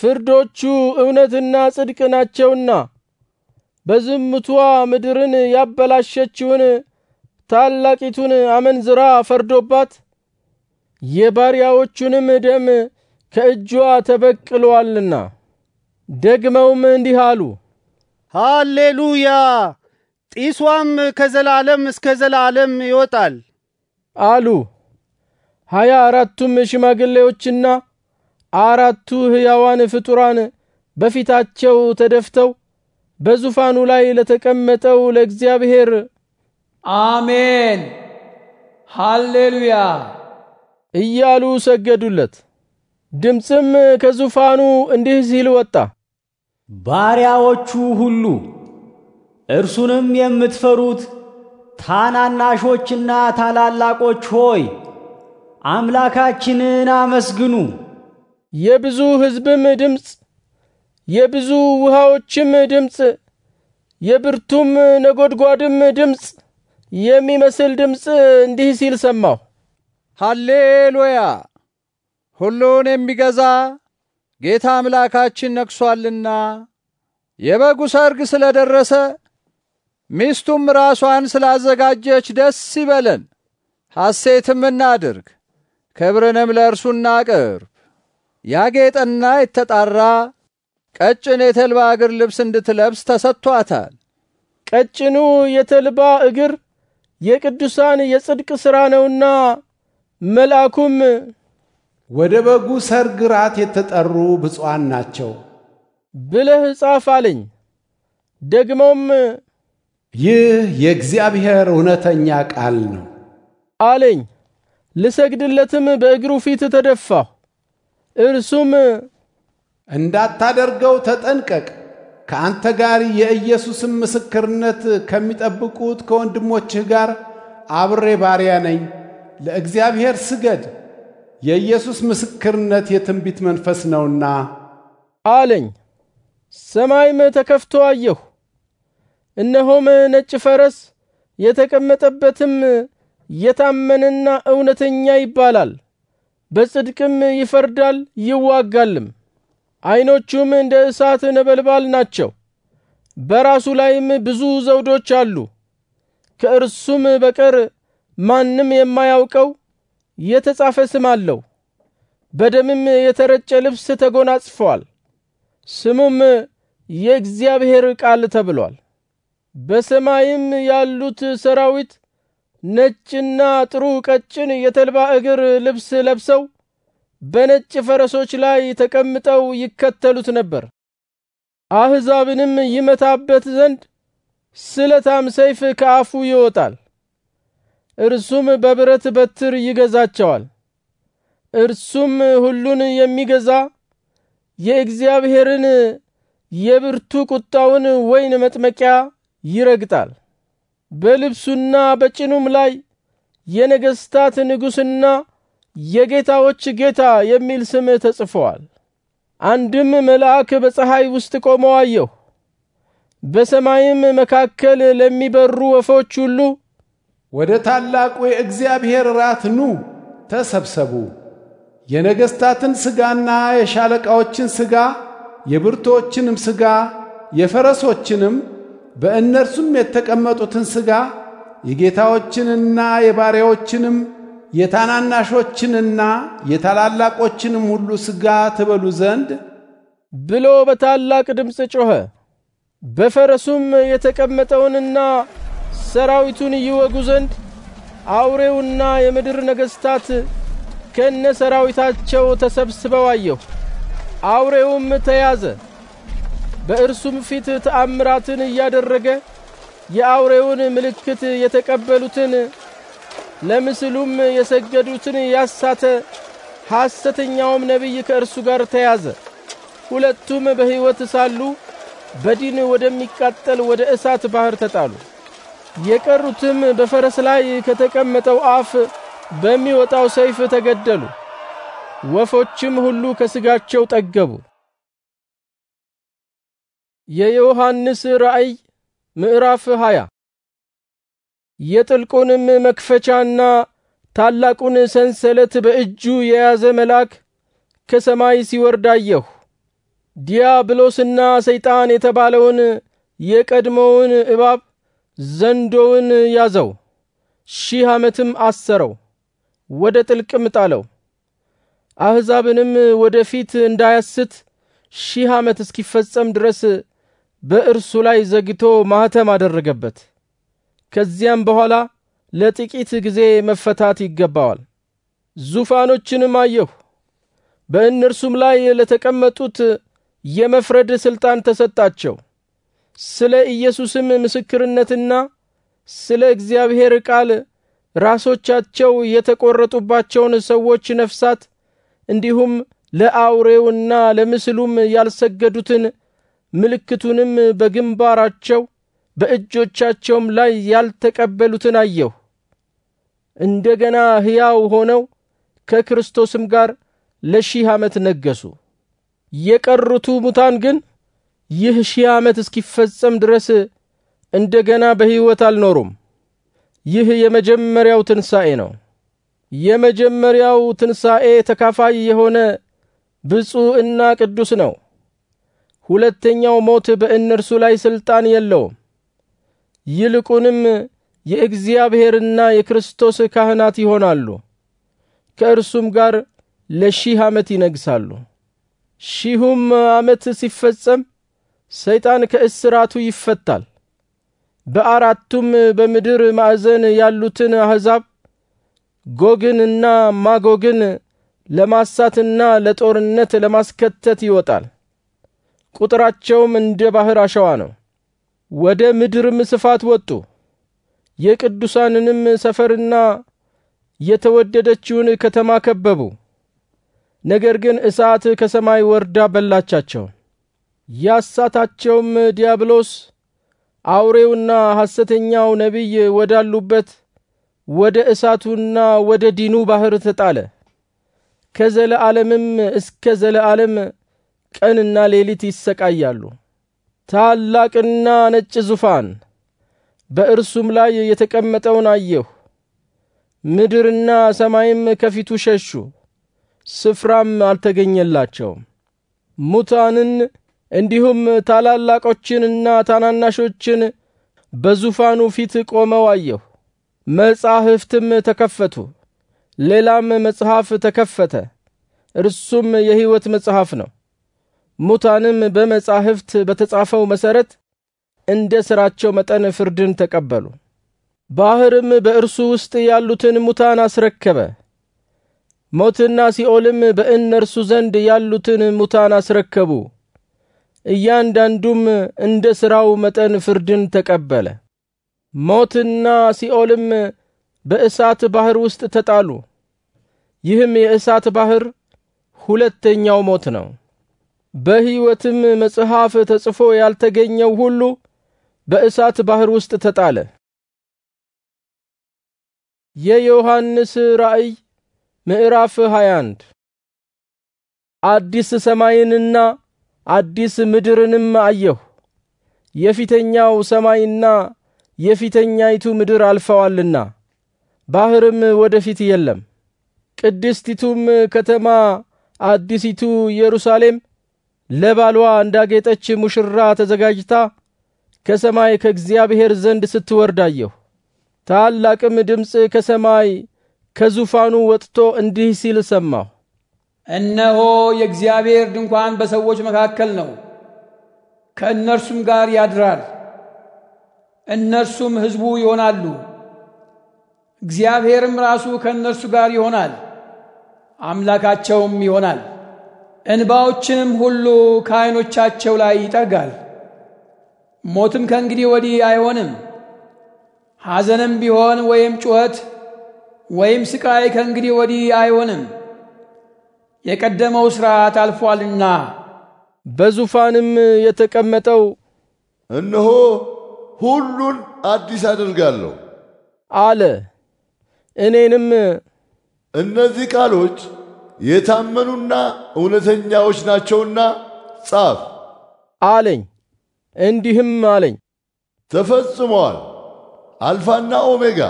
ፍርዶቹ እውነትና ጽድቅ ናቸውና በዝምቷ ምድርን ያበላሸችውን ታላቂቱን አመንዝራ ፈርዶባት የባሪያዎቹንም ደም ከእጇ ተበቅሏልና ደግመውም እንዲህ አሉ፣ ሃሌሉያ! ጢሷም ከዘላለም እስከ ዘላለም ይወጣል አሉ። ሀያ አራቱም ሽማግሌዎችና አራቱ ሕያዋን ፍጡራን በፊታቸው ተደፍተው በዙፋኑ ላይ ለተቀመጠው ለእግዚአብሔር አሜን ሃሌሉያ እያሉ ሰገዱለት። ድምፅም ከዙፋኑ እንዲህ ሲል ወጣ፣ ባሪያዎቹ ሁሉ እርሱንም የምትፈሩት ታናናሾችና ታላላቆች ሆይ አምላካችንን አመስግኑ። የብዙ ሕዝብም ድምፅ የብዙ ውሃዎችም ድምፅ የብርቱም ነጎድጓድም ድምፅ የሚመስል ድምፅ እንዲህ ሲል ሰማሁ። ሃሌሉያ! ሁሉን የሚገዛ ጌታ አምላካችን ነግሷልና የበጉ ሰርግ ስለደረሰ ሚስቱም ራሷን ስላዘጋጀች ደስ ይበለን፣ ሐሴትም እናድርግ፣ ክብርንም ለእርሱ እናቅርብ። ያጌጠና የተጣራ ቀጭን የተልባ እግር ልብስ እንድትለብስ ተሰጥቷታል። ቀጭኑ የተልባ እግር የቅዱሳን የጽድቅ ሥራ ነውና መልአኩም ወደ በጉ ሰርግ ራት የተጠሩ ብፁዓን ናቸው ብለህ ጻፍ አለኝ። ደግሞም ይህ የእግዚአብሔር እውነተኛ ቃል ነው አለኝ። ልሰግድለትም በእግሩ ፊት ተደፋሁ። እርሱም እንዳታደርገው ተጠንቀቅ። ከአንተ ጋር የኢየሱስን ምስክርነት ከሚጠብቁት ከወንድሞችህ ጋር አብሬ ባሪያ ነኝ። ለእግዚአብሔር ስገድ፣ የኢየሱስ ምስክርነት የትንቢት መንፈስ ነውና አለኝ። ሰማይም ተከፍቶ አየሁ፣ እነሆም ነጭ ፈረስ፣ የተቀመጠበትም የታመነና እውነተኛ ይባላል። በጽድቅም ይፈርዳል ይዋጋልም። ዓይኖቹም እንደ እሳት ነበልባል ናቸው። በራሱ ላይም ብዙ ዘውዶች አሉ። ከእርሱም በቀር ማንም የማያውቀው የተጻፈ ስም አለው። በደምም የተረጨ ልብስ ተጎናጽፏል። ስሙም የእግዚአብሔር ቃል ተብሏል። በሰማይም ያሉት ሰራዊት ነጭና ጥሩ ቀጭን የተልባ እግር ልብስ ለብሰው በነጭ ፈረሶች ላይ ተቀምጠው ይከተሉት ነበር። አሕዛብንም ይመታበት ዘንድ ስለታም ሰይፍ ከአፉ ይወጣል። እርሱም በብረት በትር ይገዛቸዋል። እርሱም ሁሉን የሚገዛ የእግዚአብሔርን የብርቱ ቁጣውን ወይን መጥመቂያ ይረግጣል። በልብሱና በጭኑም ላይ የነገስታት ንጉስና የጌታዎች ጌታ የሚል ስም ተጽፏል። አንድም መልአክ በፀሐይ ውስጥ ቆሞ አየሁ። በሰማይም መካከል ለሚበሩ ወፎች ሁሉ ወደ ታላቁ የእግዚአብሔር ራት ኑ ተሰብሰቡ፣ የነገሥታትን ሥጋና የሻለቃዎችን ሥጋ፣ የብርቶችንም ሥጋ፣ የፈረሶችንም በእነርሱም የተቀመጡትን ሥጋ፣ የጌታዎችንና የባሪያዎችንም የታናናሾችንና የታላላቆችንም ሁሉ ሥጋ ትበሉ ዘንድ ብሎ በታላቅ ድምፅ ጮኸ። በፈረሱም የተቀመጠውንና ሰራዊቱን ይወጉ ዘንድ አውሬውና የምድር ነገሥታት ከነ ሰራዊታቸው ተሰብስበው አየሁ። አውሬውም ተያዘ፣ በእርሱም ፊት ተአምራትን እያደረገ የአውሬውን ምልክት የተቀበሉትን ለምስሉም የሰገዱትን ያሳተ ሐሰተኛውም ነቢይ ከእርሱ ጋር ተያዘ። ሁለቱም በሕይወት ሳሉ በዲን ወደሚቃጠል ወደ እሳት ባሕር ተጣሉ። የቀሩትም በፈረስ ላይ ከተቀመጠው አፍ በሚወጣው ሰይፍ ተገደሉ። ወፎችም ሁሉ ከስጋቸው ጠገቡ። የዮሐንስ ራእይ ምዕራፍ ሃያ የጥልቁንም መክፈቻና ታላቁን ሰንሰለት በእጁ የያዘ መልአክ ከሰማይ ሲወርድ አየሁ። ዲያብሎስና ሰይጣን የተባለውን የቀድሞውን እባብ ዘንዶውን ያዘው፣ ሺህ ዓመትም አሰረው፣ ወደ ጥልቅም ጣለው። አሕዛብንም ወደ ፊት እንዳያስት ሺህ ዓመት እስኪፈጸም ድረስ በእርሱ ላይ ዘግቶ ማኅተም አደረገበት። ከዚያም በኋላ ለጥቂት ጊዜ መፈታት ይገባዋል። ዙፋኖችንም አየሁ፣ በእነርሱም ላይ ለተቀመጡት የመፍረድ ሥልጣን ተሰጣቸው። ስለ ኢየሱስም ምስክርነትና ስለ እግዚአብሔር ቃል ራሶቻቸው የተቈረጡባቸውን ሰዎች ነፍሳት እንዲሁም ለአውሬውና ለምስሉም ያልሰገዱትን ምልክቱንም በግንባራቸው በእጆቻቸውም ላይ ያልተቀበሉትን አየሁ። እንደገና ሕያው ሆነው ከክርስቶስም ጋር ለሺህ ዓመት ነገሱ። የቀሩቱ ሙታን ግን ይህ ሺህ ዓመት እስኪፈጸም ድረስ እንደገና በሕይወት አልኖሩም። ይህ የመጀመሪያው ትንሣኤ ነው። የመጀመሪያው ትንሣኤ ተካፋይ የሆነ ብፁዕ እና ቅዱስ ነው። ሁለተኛው ሞት በእነርሱ ላይ ሥልጣን የለውም። ይልቁንም የእግዚአብሔርና የክርስቶስ ካህናት ይሆናሉ፣ ከእርሱም ጋር ለሺህ ዓመት ይነግሳሉ። ሺሁም ዓመት ሲፈጸም ሰይጣን ከእስራቱ ይፈታል። በአራቱም በምድር ማዕዘን ያሉትን አሕዛብ ጎግንና ማጎግን ለማሳትና ለጦርነት ለማስከተት ይወጣል። ቁጥራቸውም እንደ ባሕር አሸዋ ነው። ወደ ምድርም ስፋት ወጡ። የቅዱሳንንም ሰፈርና የተወደደችውን ከተማ ከበቡ። ነገር ግን እሳት ከሰማይ ወርዳ በላቻቸው። ያሳታቸውም ዲያብሎስ አውሬውና ሐሰተኛው ነቢይ ወዳሉበት ወደ እሳቱና ወደ ዲኑ ባሕር ተጣለ። ከዘለዓለምም እስከ ዘለዓለም ቀንና ሌሊት ይሰቃያሉ። ታላቅና ነጭ ዙፋን በእርሱም ላይ የተቀመጠውን አየሁ። ምድርና ሰማይም ከፊቱ ሸሹ፣ ስፍራም አልተገኘላቸውም። ሙታንን እንዲሁም ታላላቆችንና ታናናሾችን በዙፋኑ ፊት ቆመው አየሁ። መጻሕፍትም ተከፈቱ፣ ሌላም መጽሐፍ ተከፈተ። እርሱም የሕይወት መጽሐፍ ነው። ሙታንም በመጻሕፍት በተጻፈው መሠረት እንደ ሥራቸው መጠን ፍርድን ተቀበሉ። ባሕርም በእርሱ ውስጥ ያሉትን ሙታን አስረከበ። ሞትና ሲኦልም በእነርሱ ዘንድ ያሉትን ሙታን አስረከቡ። እያንዳንዱም እንደ ሥራው መጠን ፍርድን ተቀበለ። ሞትና ሲኦልም በእሳት ባሕር ውስጥ ተጣሉ። ይህም የእሳት ባሕር ሁለተኛው ሞት ነው። በሕይወትም መጽሐፍ ተጽፎ ያልተገኘው ሁሉ በእሳት ባህር ውስጥ ተጣለ። የዮሐንስ ራእይ ምዕራፍ 21 አዲስ ሰማይንና አዲስ ምድርንም አየሁ። የፊተኛው ሰማይና የፊተኛይቱ ምድር አልፈዋልና ባህርም ወደፊት የለም። ቅድስቲቱም ከተማ አዲሲቱ ኢየሩሳሌም ለባሏ እንዳጌጠች ሙሽራ ተዘጋጅታ ከሰማይ ከእግዚአብሔር ዘንድ ስትወርዳየሁ ታላቅም ድምፅ ከሰማይ ከዙፋኑ ወጥቶ እንዲህ ሲል ሰማሁ፣ እነሆ የእግዚአብሔር ድንኳን በሰዎች መካከል ነው፣ ከእነርሱም ጋር ያድራል፣ እነርሱም ሕዝቡ ይሆናሉ። እግዚአብሔርም ራሱ ከእነርሱ ጋር ይሆናል፣ አምላካቸውም ይሆናል። እንባዎችንም ሁሉ ከአይኖቻቸው ላይ ይጠርጋል። ሞትም ከእንግዲህ ወዲህ አይሆንም፣ ሐዘንም ቢሆን ወይም ጩኸት ወይም ስቃይ ከእንግዲህ ወዲህ አይሆንም፣ የቀደመው ሥርዓት አልፏልና። በዙፋንም የተቀመጠው እነሆ ሁሉን አዲስ አደርጋለሁ አለ። እኔንም እነዚህ ቃሎች የታመኑና እውነተኛዎች ናቸውና ጻፍ አለኝ። እንዲህም አለኝ፣ ተፈጽመዋል አልፋና ኦሜጋ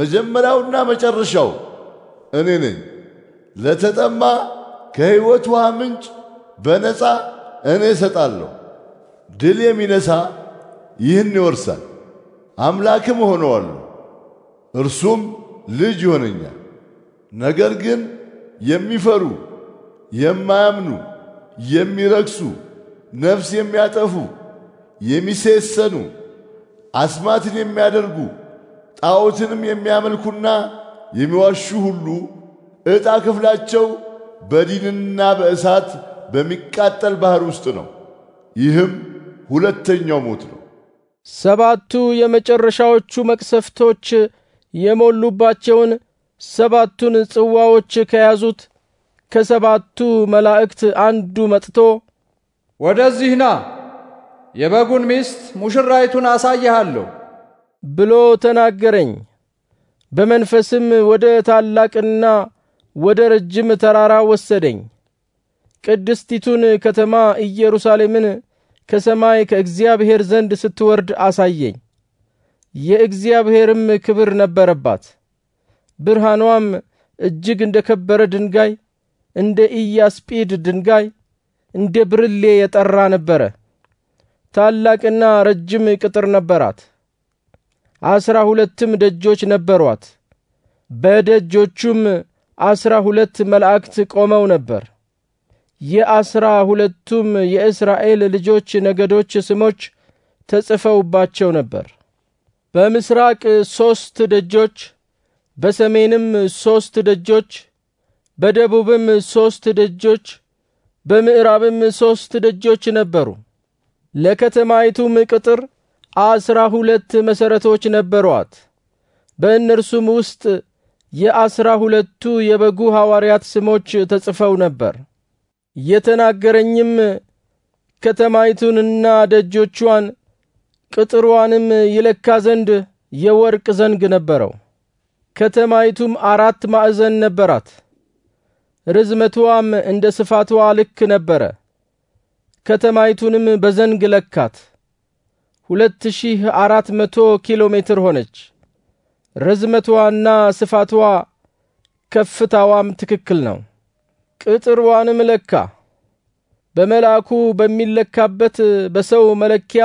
መጀመሪያውና መጨረሻው እኔ ነኝ። ለተጠማ ከሕይወት ውሃ ምንጭ በነፃ እኔ እሰጣለሁ። ድል የሚነሳ ይህን ይወርሳል፣ አምላክም እሆነዋለሁ፣ እርሱም ልጅ ይሆነኛል። ነገር ግን የሚፈሩ የማያምኑ የሚረክሱ ነፍስ የሚያጠፉ የሚሴሰኑ አስማትን የሚያደርጉ ጣዖትንም የሚያመልኩና የሚዋሹ ሁሉ ዕጣ ክፍላቸው በዲንና በእሳት በሚቃጠል ባህር ውስጥ ነው። ይህም ሁለተኛው ሞት ነው። ሰባቱ የመጨረሻዎቹ መቅሰፍቶች የሞሉባቸውን ሰባቱን ጽዋዎች ከያዙት ከሰባቱ መላእክት አንዱ መጥቶ ወደዚህ ና የበጉን ሚስት ሙሽራይቱን አሳይሃለሁ ብሎ ተናገረኝ። በመንፈስም ወደ ታላቅና ወደ ረጅም ተራራ ወሰደኝ። ቅድስቲቱን ከተማ ኢየሩሳሌምን ከሰማይ ከእግዚአብሔር ዘንድ ስትወርድ አሳየኝ። የእግዚአብሔርም ክብር ነበረባት። ብርሃኗም እጅግ እንደ ከበረ ድንጋይ እንደ ኢያስጲድ ድንጋይ እንደ ብርሌ የጠራ ነበረ። ታላቅና ረጅም ቅጥር ነበራት። አስራ ሁለትም ደጆች ነበሯት። በደጆቹም አስራ ሁለት መላእክት ቆመው ነበር። የአስራ ሁለቱም የእስራኤል ልጆች ነገዶች ስሞች ተጽፈውባቸው ነበር። በምስራቅ ሶስት ደጆች በሰሜንም ሶስት ደጆች፣ በደቡብም ሶስት ደጆች፣ በምዕራብም ሶስት ደጆች ነበሩ። ለከተማይቱም ቅጥር አስራ ሁለት መሰረቶች ነበሯት። በእነርሱም ውስጥ የአስራ ሁለቱ የበጉ ሐዋርያት ስሞች ተጽፈው ነበር። የተናገረኝም ከተማይቱንና ደጆቿን ቅጥሯንም ይለካ ዘንድ የወርቅ ዘንግ ነበረው። ከተማይቱም አራት ማዕዘን ነበራት። ርዝመቷም እንደ ስፋቷ ልክ ነበረ። ከተማይቱንም በዘንግ ለካት። ሁለት ሺህ አራት መቶ ኪሎ ሜትር ሆነች። ርዝመቷና ስፋቷ ከፍታዋም ትክክል ነው። ቅጥርዋንም ለካ። በመልአኩ በሚለካበት በሰው መለኪያ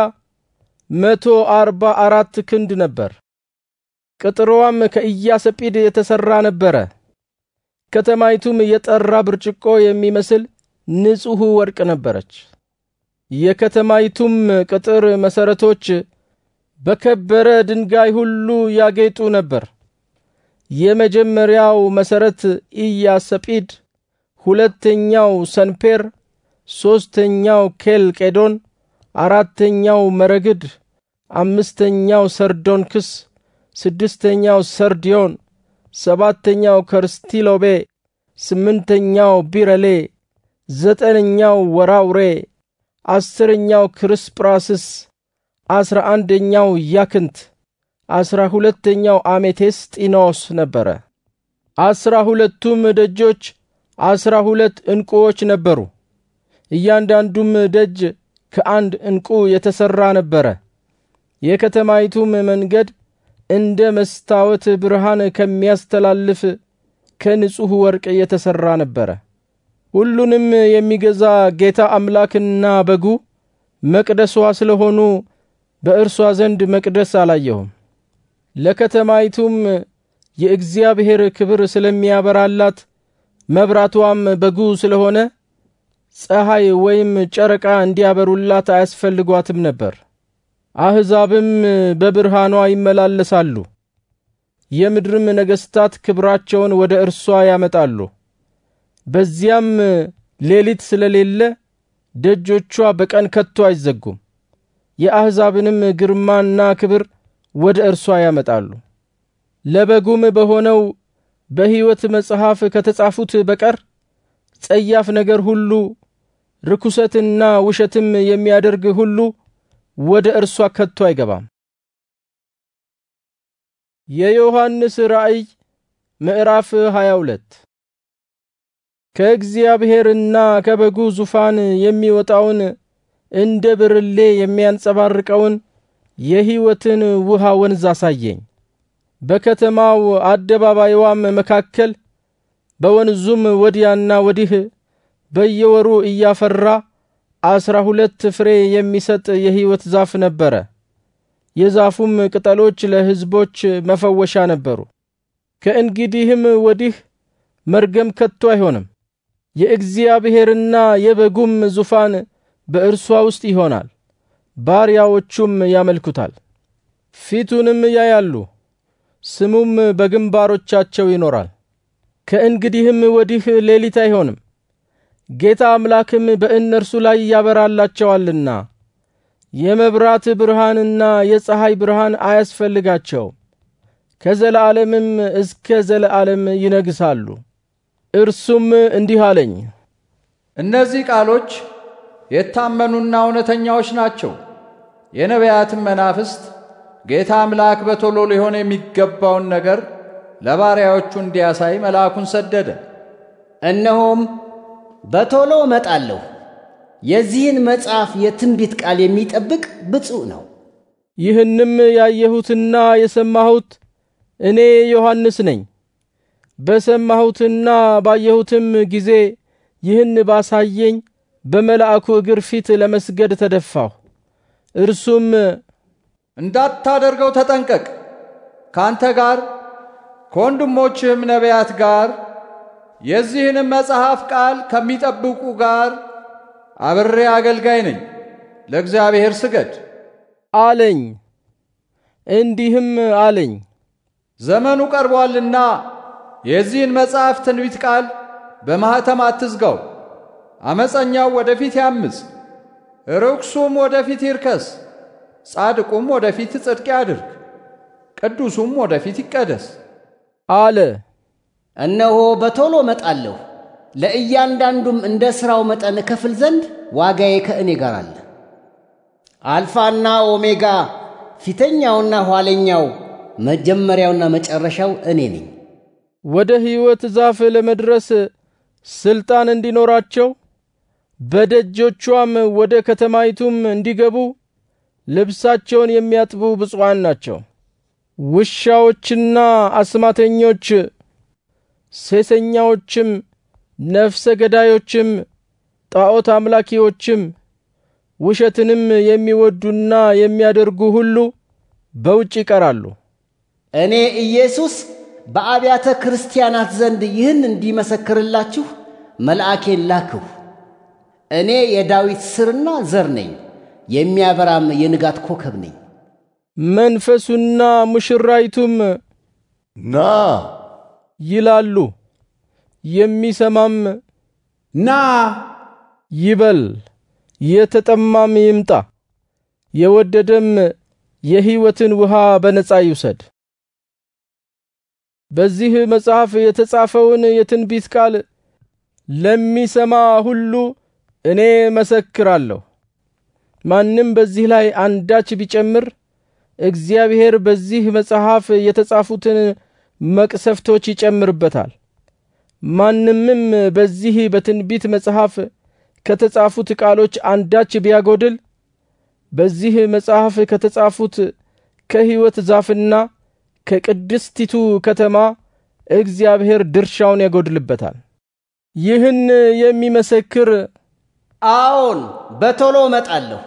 መቶ አርባ አራት ክንድ ነበር። ቅጥሯም ከኢያሰጲድ የተሰራ ነበረ። ከተማይቱም የጠራ ብርጭቆ የሚመስል ንጹሕ ወርቅ ነበረች። የከተማይቱም ቅጥር መሰረቶች በከበረ ድንጋይ ሁሉ ያጌጡ ነበር። የመጀመሪያው መሰረት ኢያሰጲድ፣ ሁለተኛው ሰንፔር፣ ሶስተኛው ኬልቄዶን፣ አራተኛው መረግድ፣ አምስተኛው ሰርዶንክስ ስድስተኛው ሰርዲዮን፣ ሰባተኛው ከርስቲሎቤ፣ ስምንተኛው ቢረሌ፣ ዘጠነኛው ወራውሬ፣ አስረኛው ክርስጵራስስ፣ አስራ አንደኛው ያክንት፣ አስራ ሁለተኛው አሜቴስጢኖስ ነበረ። አስራ ሁለቱም ደጆች አስራ ሁለት ዕንቁዎች ነበሩ። እያንዳንዱም ደጅ ከአንድ ዕንቁ የተሠራ ነበረ። የከተማይቱም መንገድ እንደ መስታወት ብርሃን ከሚያስተላልፍ ከንጹሕ ወርቅ የተሠራ ነበረ። ሁሉንም የሚገዛ ጌታ አምላክና በጉ መቅደሷ ስለሆኑ በእርሷ ዘንድ መቅደስ አላየሁም። ለከተማይቱም የእግዚአብሔር ክብር ስለሚያበራላት መብራቷም በጉ ስለሆነ ፀሐይ ወይም ጨረቃ እንዲያበሩላት አያስፈልጓትም ነበር። አሕዛብም በብርሃኗ ይመላለሳሉ፣ የምድርም ነገሥታት ክብራቸውን ወደ እርሷ ያመጣሉ። በዚያም ሌሊት ስለሌለ ደጆቿ በቀን ከቶ አይዘጉም። የአሕዛብንም ግርማና ክብር ወደ እርሷ ያመጣሉ። ለበጉም በሆነው በሕይወት መጽሐፍ ከተጻፉት በቀር ጸያፍ ነገር ሁሉ ርኩሰትና ውሸትም የሚያደርግ ሁሉ ወደ እርሷ ከቶ አይገባም። የዮሐንስ ራእይ ምዕራፍ 22 ከእግዚአብሔርና ከበጉ ዙፋን የሚወጣውን እንደ ብርሌ የሚያንጸባርቀውን የሕይወትን ውሃ ወንዝ አሳየኝ። በከተማው አደባባይዋም መካከል በወንዙም ወዲያና ወዲህ በየወሩ እያፈራ አስራ ሁለት ፍሬ የሚሰጥ የሕይወት ዛፍ ነበረ። የዛፉም ቅጠሎች ለሕዝቦች መፈወሻ ነበሩ። ከእንግዲህም ወዲህ መርገም ከቶ አይሆንም። የእግዚአብሔርና የበጉም ዙፋን በእርሷ ውስጥ ይሆናል፣ ባሪያዎቹም ያመልኩታል፣ ፊቱንም ያያሉ፣ ስሙም በግንባሮቻቸው ይኖራል። ከእንግዲህም ወዲህ ሌሊት አይሆንም፣ ጌታ አምላክም በእነርሱ ላይ ያበራላቸዋልና የመብራት ብርሃንና የፀሐይ ብርሃን አያስፈልጋቸው። ከዘለዓለምም እስከ ዘለዓለም ይነግሳሉ። እርሱም እንዲህ አለኝ፣ እነዚህ ቃሎች የታመኑና እውነተኛዎች ናቸው። የነቢያትም መናፍስት ጌታ አምላክ በቶሎ ሊሆን የሚገባውን ነገር ለባሪያዎቹ እንዲያሳይ መልአኩን ሰደደ። እነሆም በቶሎ እመጣለሁ። የዚህን መጽሐፍ የትንቢት ቃል የሚጠብቅ ብፁዕ ነው። ይህንም ያየሁትና የሰማሁት እኔ ዮሐንስ ነኝ። በሰማሁትና ባየሁትም ጊዜ ይህን ባሳየኝ በመልአኩ እግር ፊት ለመስገድ ተደፋሁ። እርሱም እንዳታደርገው ተጠንቀቅ፣ ካንተ ጋር ከወንድሞችህም ነቢያት ጋር የዚህንም መጽሐፍ ቃል ከሚጠብቁ ጋር አብሬ አገልጋይ ነኝ። ለእግዚአብሔር ስገድ አለኝ። እንዲህም አለኝ፣ ዘመኑ ቀርቧልና የዚህን መጽሐፍ ትንቢት ቃል በማኅተም አትዝጋው። አመፀኛው ወደፊት ያምፅ፣ ርኩሱም ወደፊት ይርከስ፣ ጻድቁም ወደፊት ጽድቅ ያድርግ፣ ቅዱሱም ወደፊት ይቀደስ አለ። እነሆ በቶሎ መጣለሁ፣ ለእያንዳንዱም እንደ ሥራው መጠን እከፍል ዘንድ ዋጋዬ ከእኔ ጋር አለ። አልፋና ኦሜጋ ፊተኛውና ኋለኛው መጀመሪያውና መጨረሻው እኔ ነኝ። ወደ ሕይወት ዛፍ ለመድረስ ስልጣን እንዲኖራቸው በደጆቿም ወደ ከተማይቱም እንዲገቡ ልብሳቸውን የሚያጥቡ ብፁዓን ናቸው። ውሻዎችና አስማተኞች ሴሰኛዎችም፣ ነፍሰ ገዳዮችም፣ ጣዖት አምላኪዎችም፣ ውሸትንም የሚወዱና የሚያደርጉ ሁሉ በውጭ ይቀራሉ። እኔ ኢየሱስ በአብያተ ክርስቲያናት ዘንድ ይህን እንዲመሰክርላችሁ መልአኬን ላክሁ። እኔ የዳዊት ስርና ዘር ነኝ፣ የሚያበራም የንጋት ኮከብ ነኝ። መንፈሱና ሙሽራይቱም ና ይላሉ። የሚሰማም ና ይበል፣ የተጠማም ይምጣ፣ የወደደም የሕይወትን ውሃ በነፃ ይውሰድ። በዚህ መጽሐፍ የተጻፈውን የትንቢት ቃል ለሚሰማ ሁሉ እኔ መሰክራለሁ። ማንም በዚህ ላይ አንዳች ቢጨምር እግዚአብሔር በዚህ መጽሐፍ የተጻፉትን መቅሰፍቶች ይጨምርበታል። ማንምም በዚህ በትንቢት መጽሐፍ ከተጻፉት ቃሎች አንዳች ቢያጎድል በዚህ መጽሐፍ ከተጻፉት ከሕይወት ዛፍና ከቅድስቲቱ ከተማ እግዚአብሔር ድርሻውን ያጎድልበታል። ይህን የሚመሰክር አዎን በቶሎ እመጣለሁ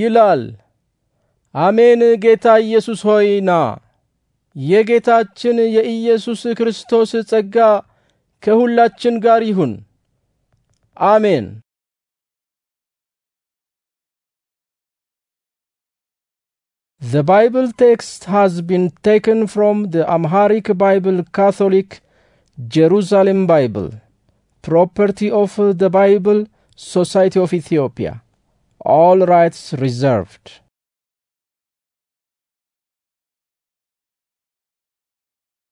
ይላል። አሜን። ጌታ ኢየሱስ ሆይ ና። የጌታችን የኢየሱስ ክርስቶስ ጸጋ ከሁላችን ጋር ይሁን። አሜን። The Bible text has been taken from the Amharic Bible Catholic Jerusalem Bible, property of the Bible Society of Ethiopia. All rights reserved.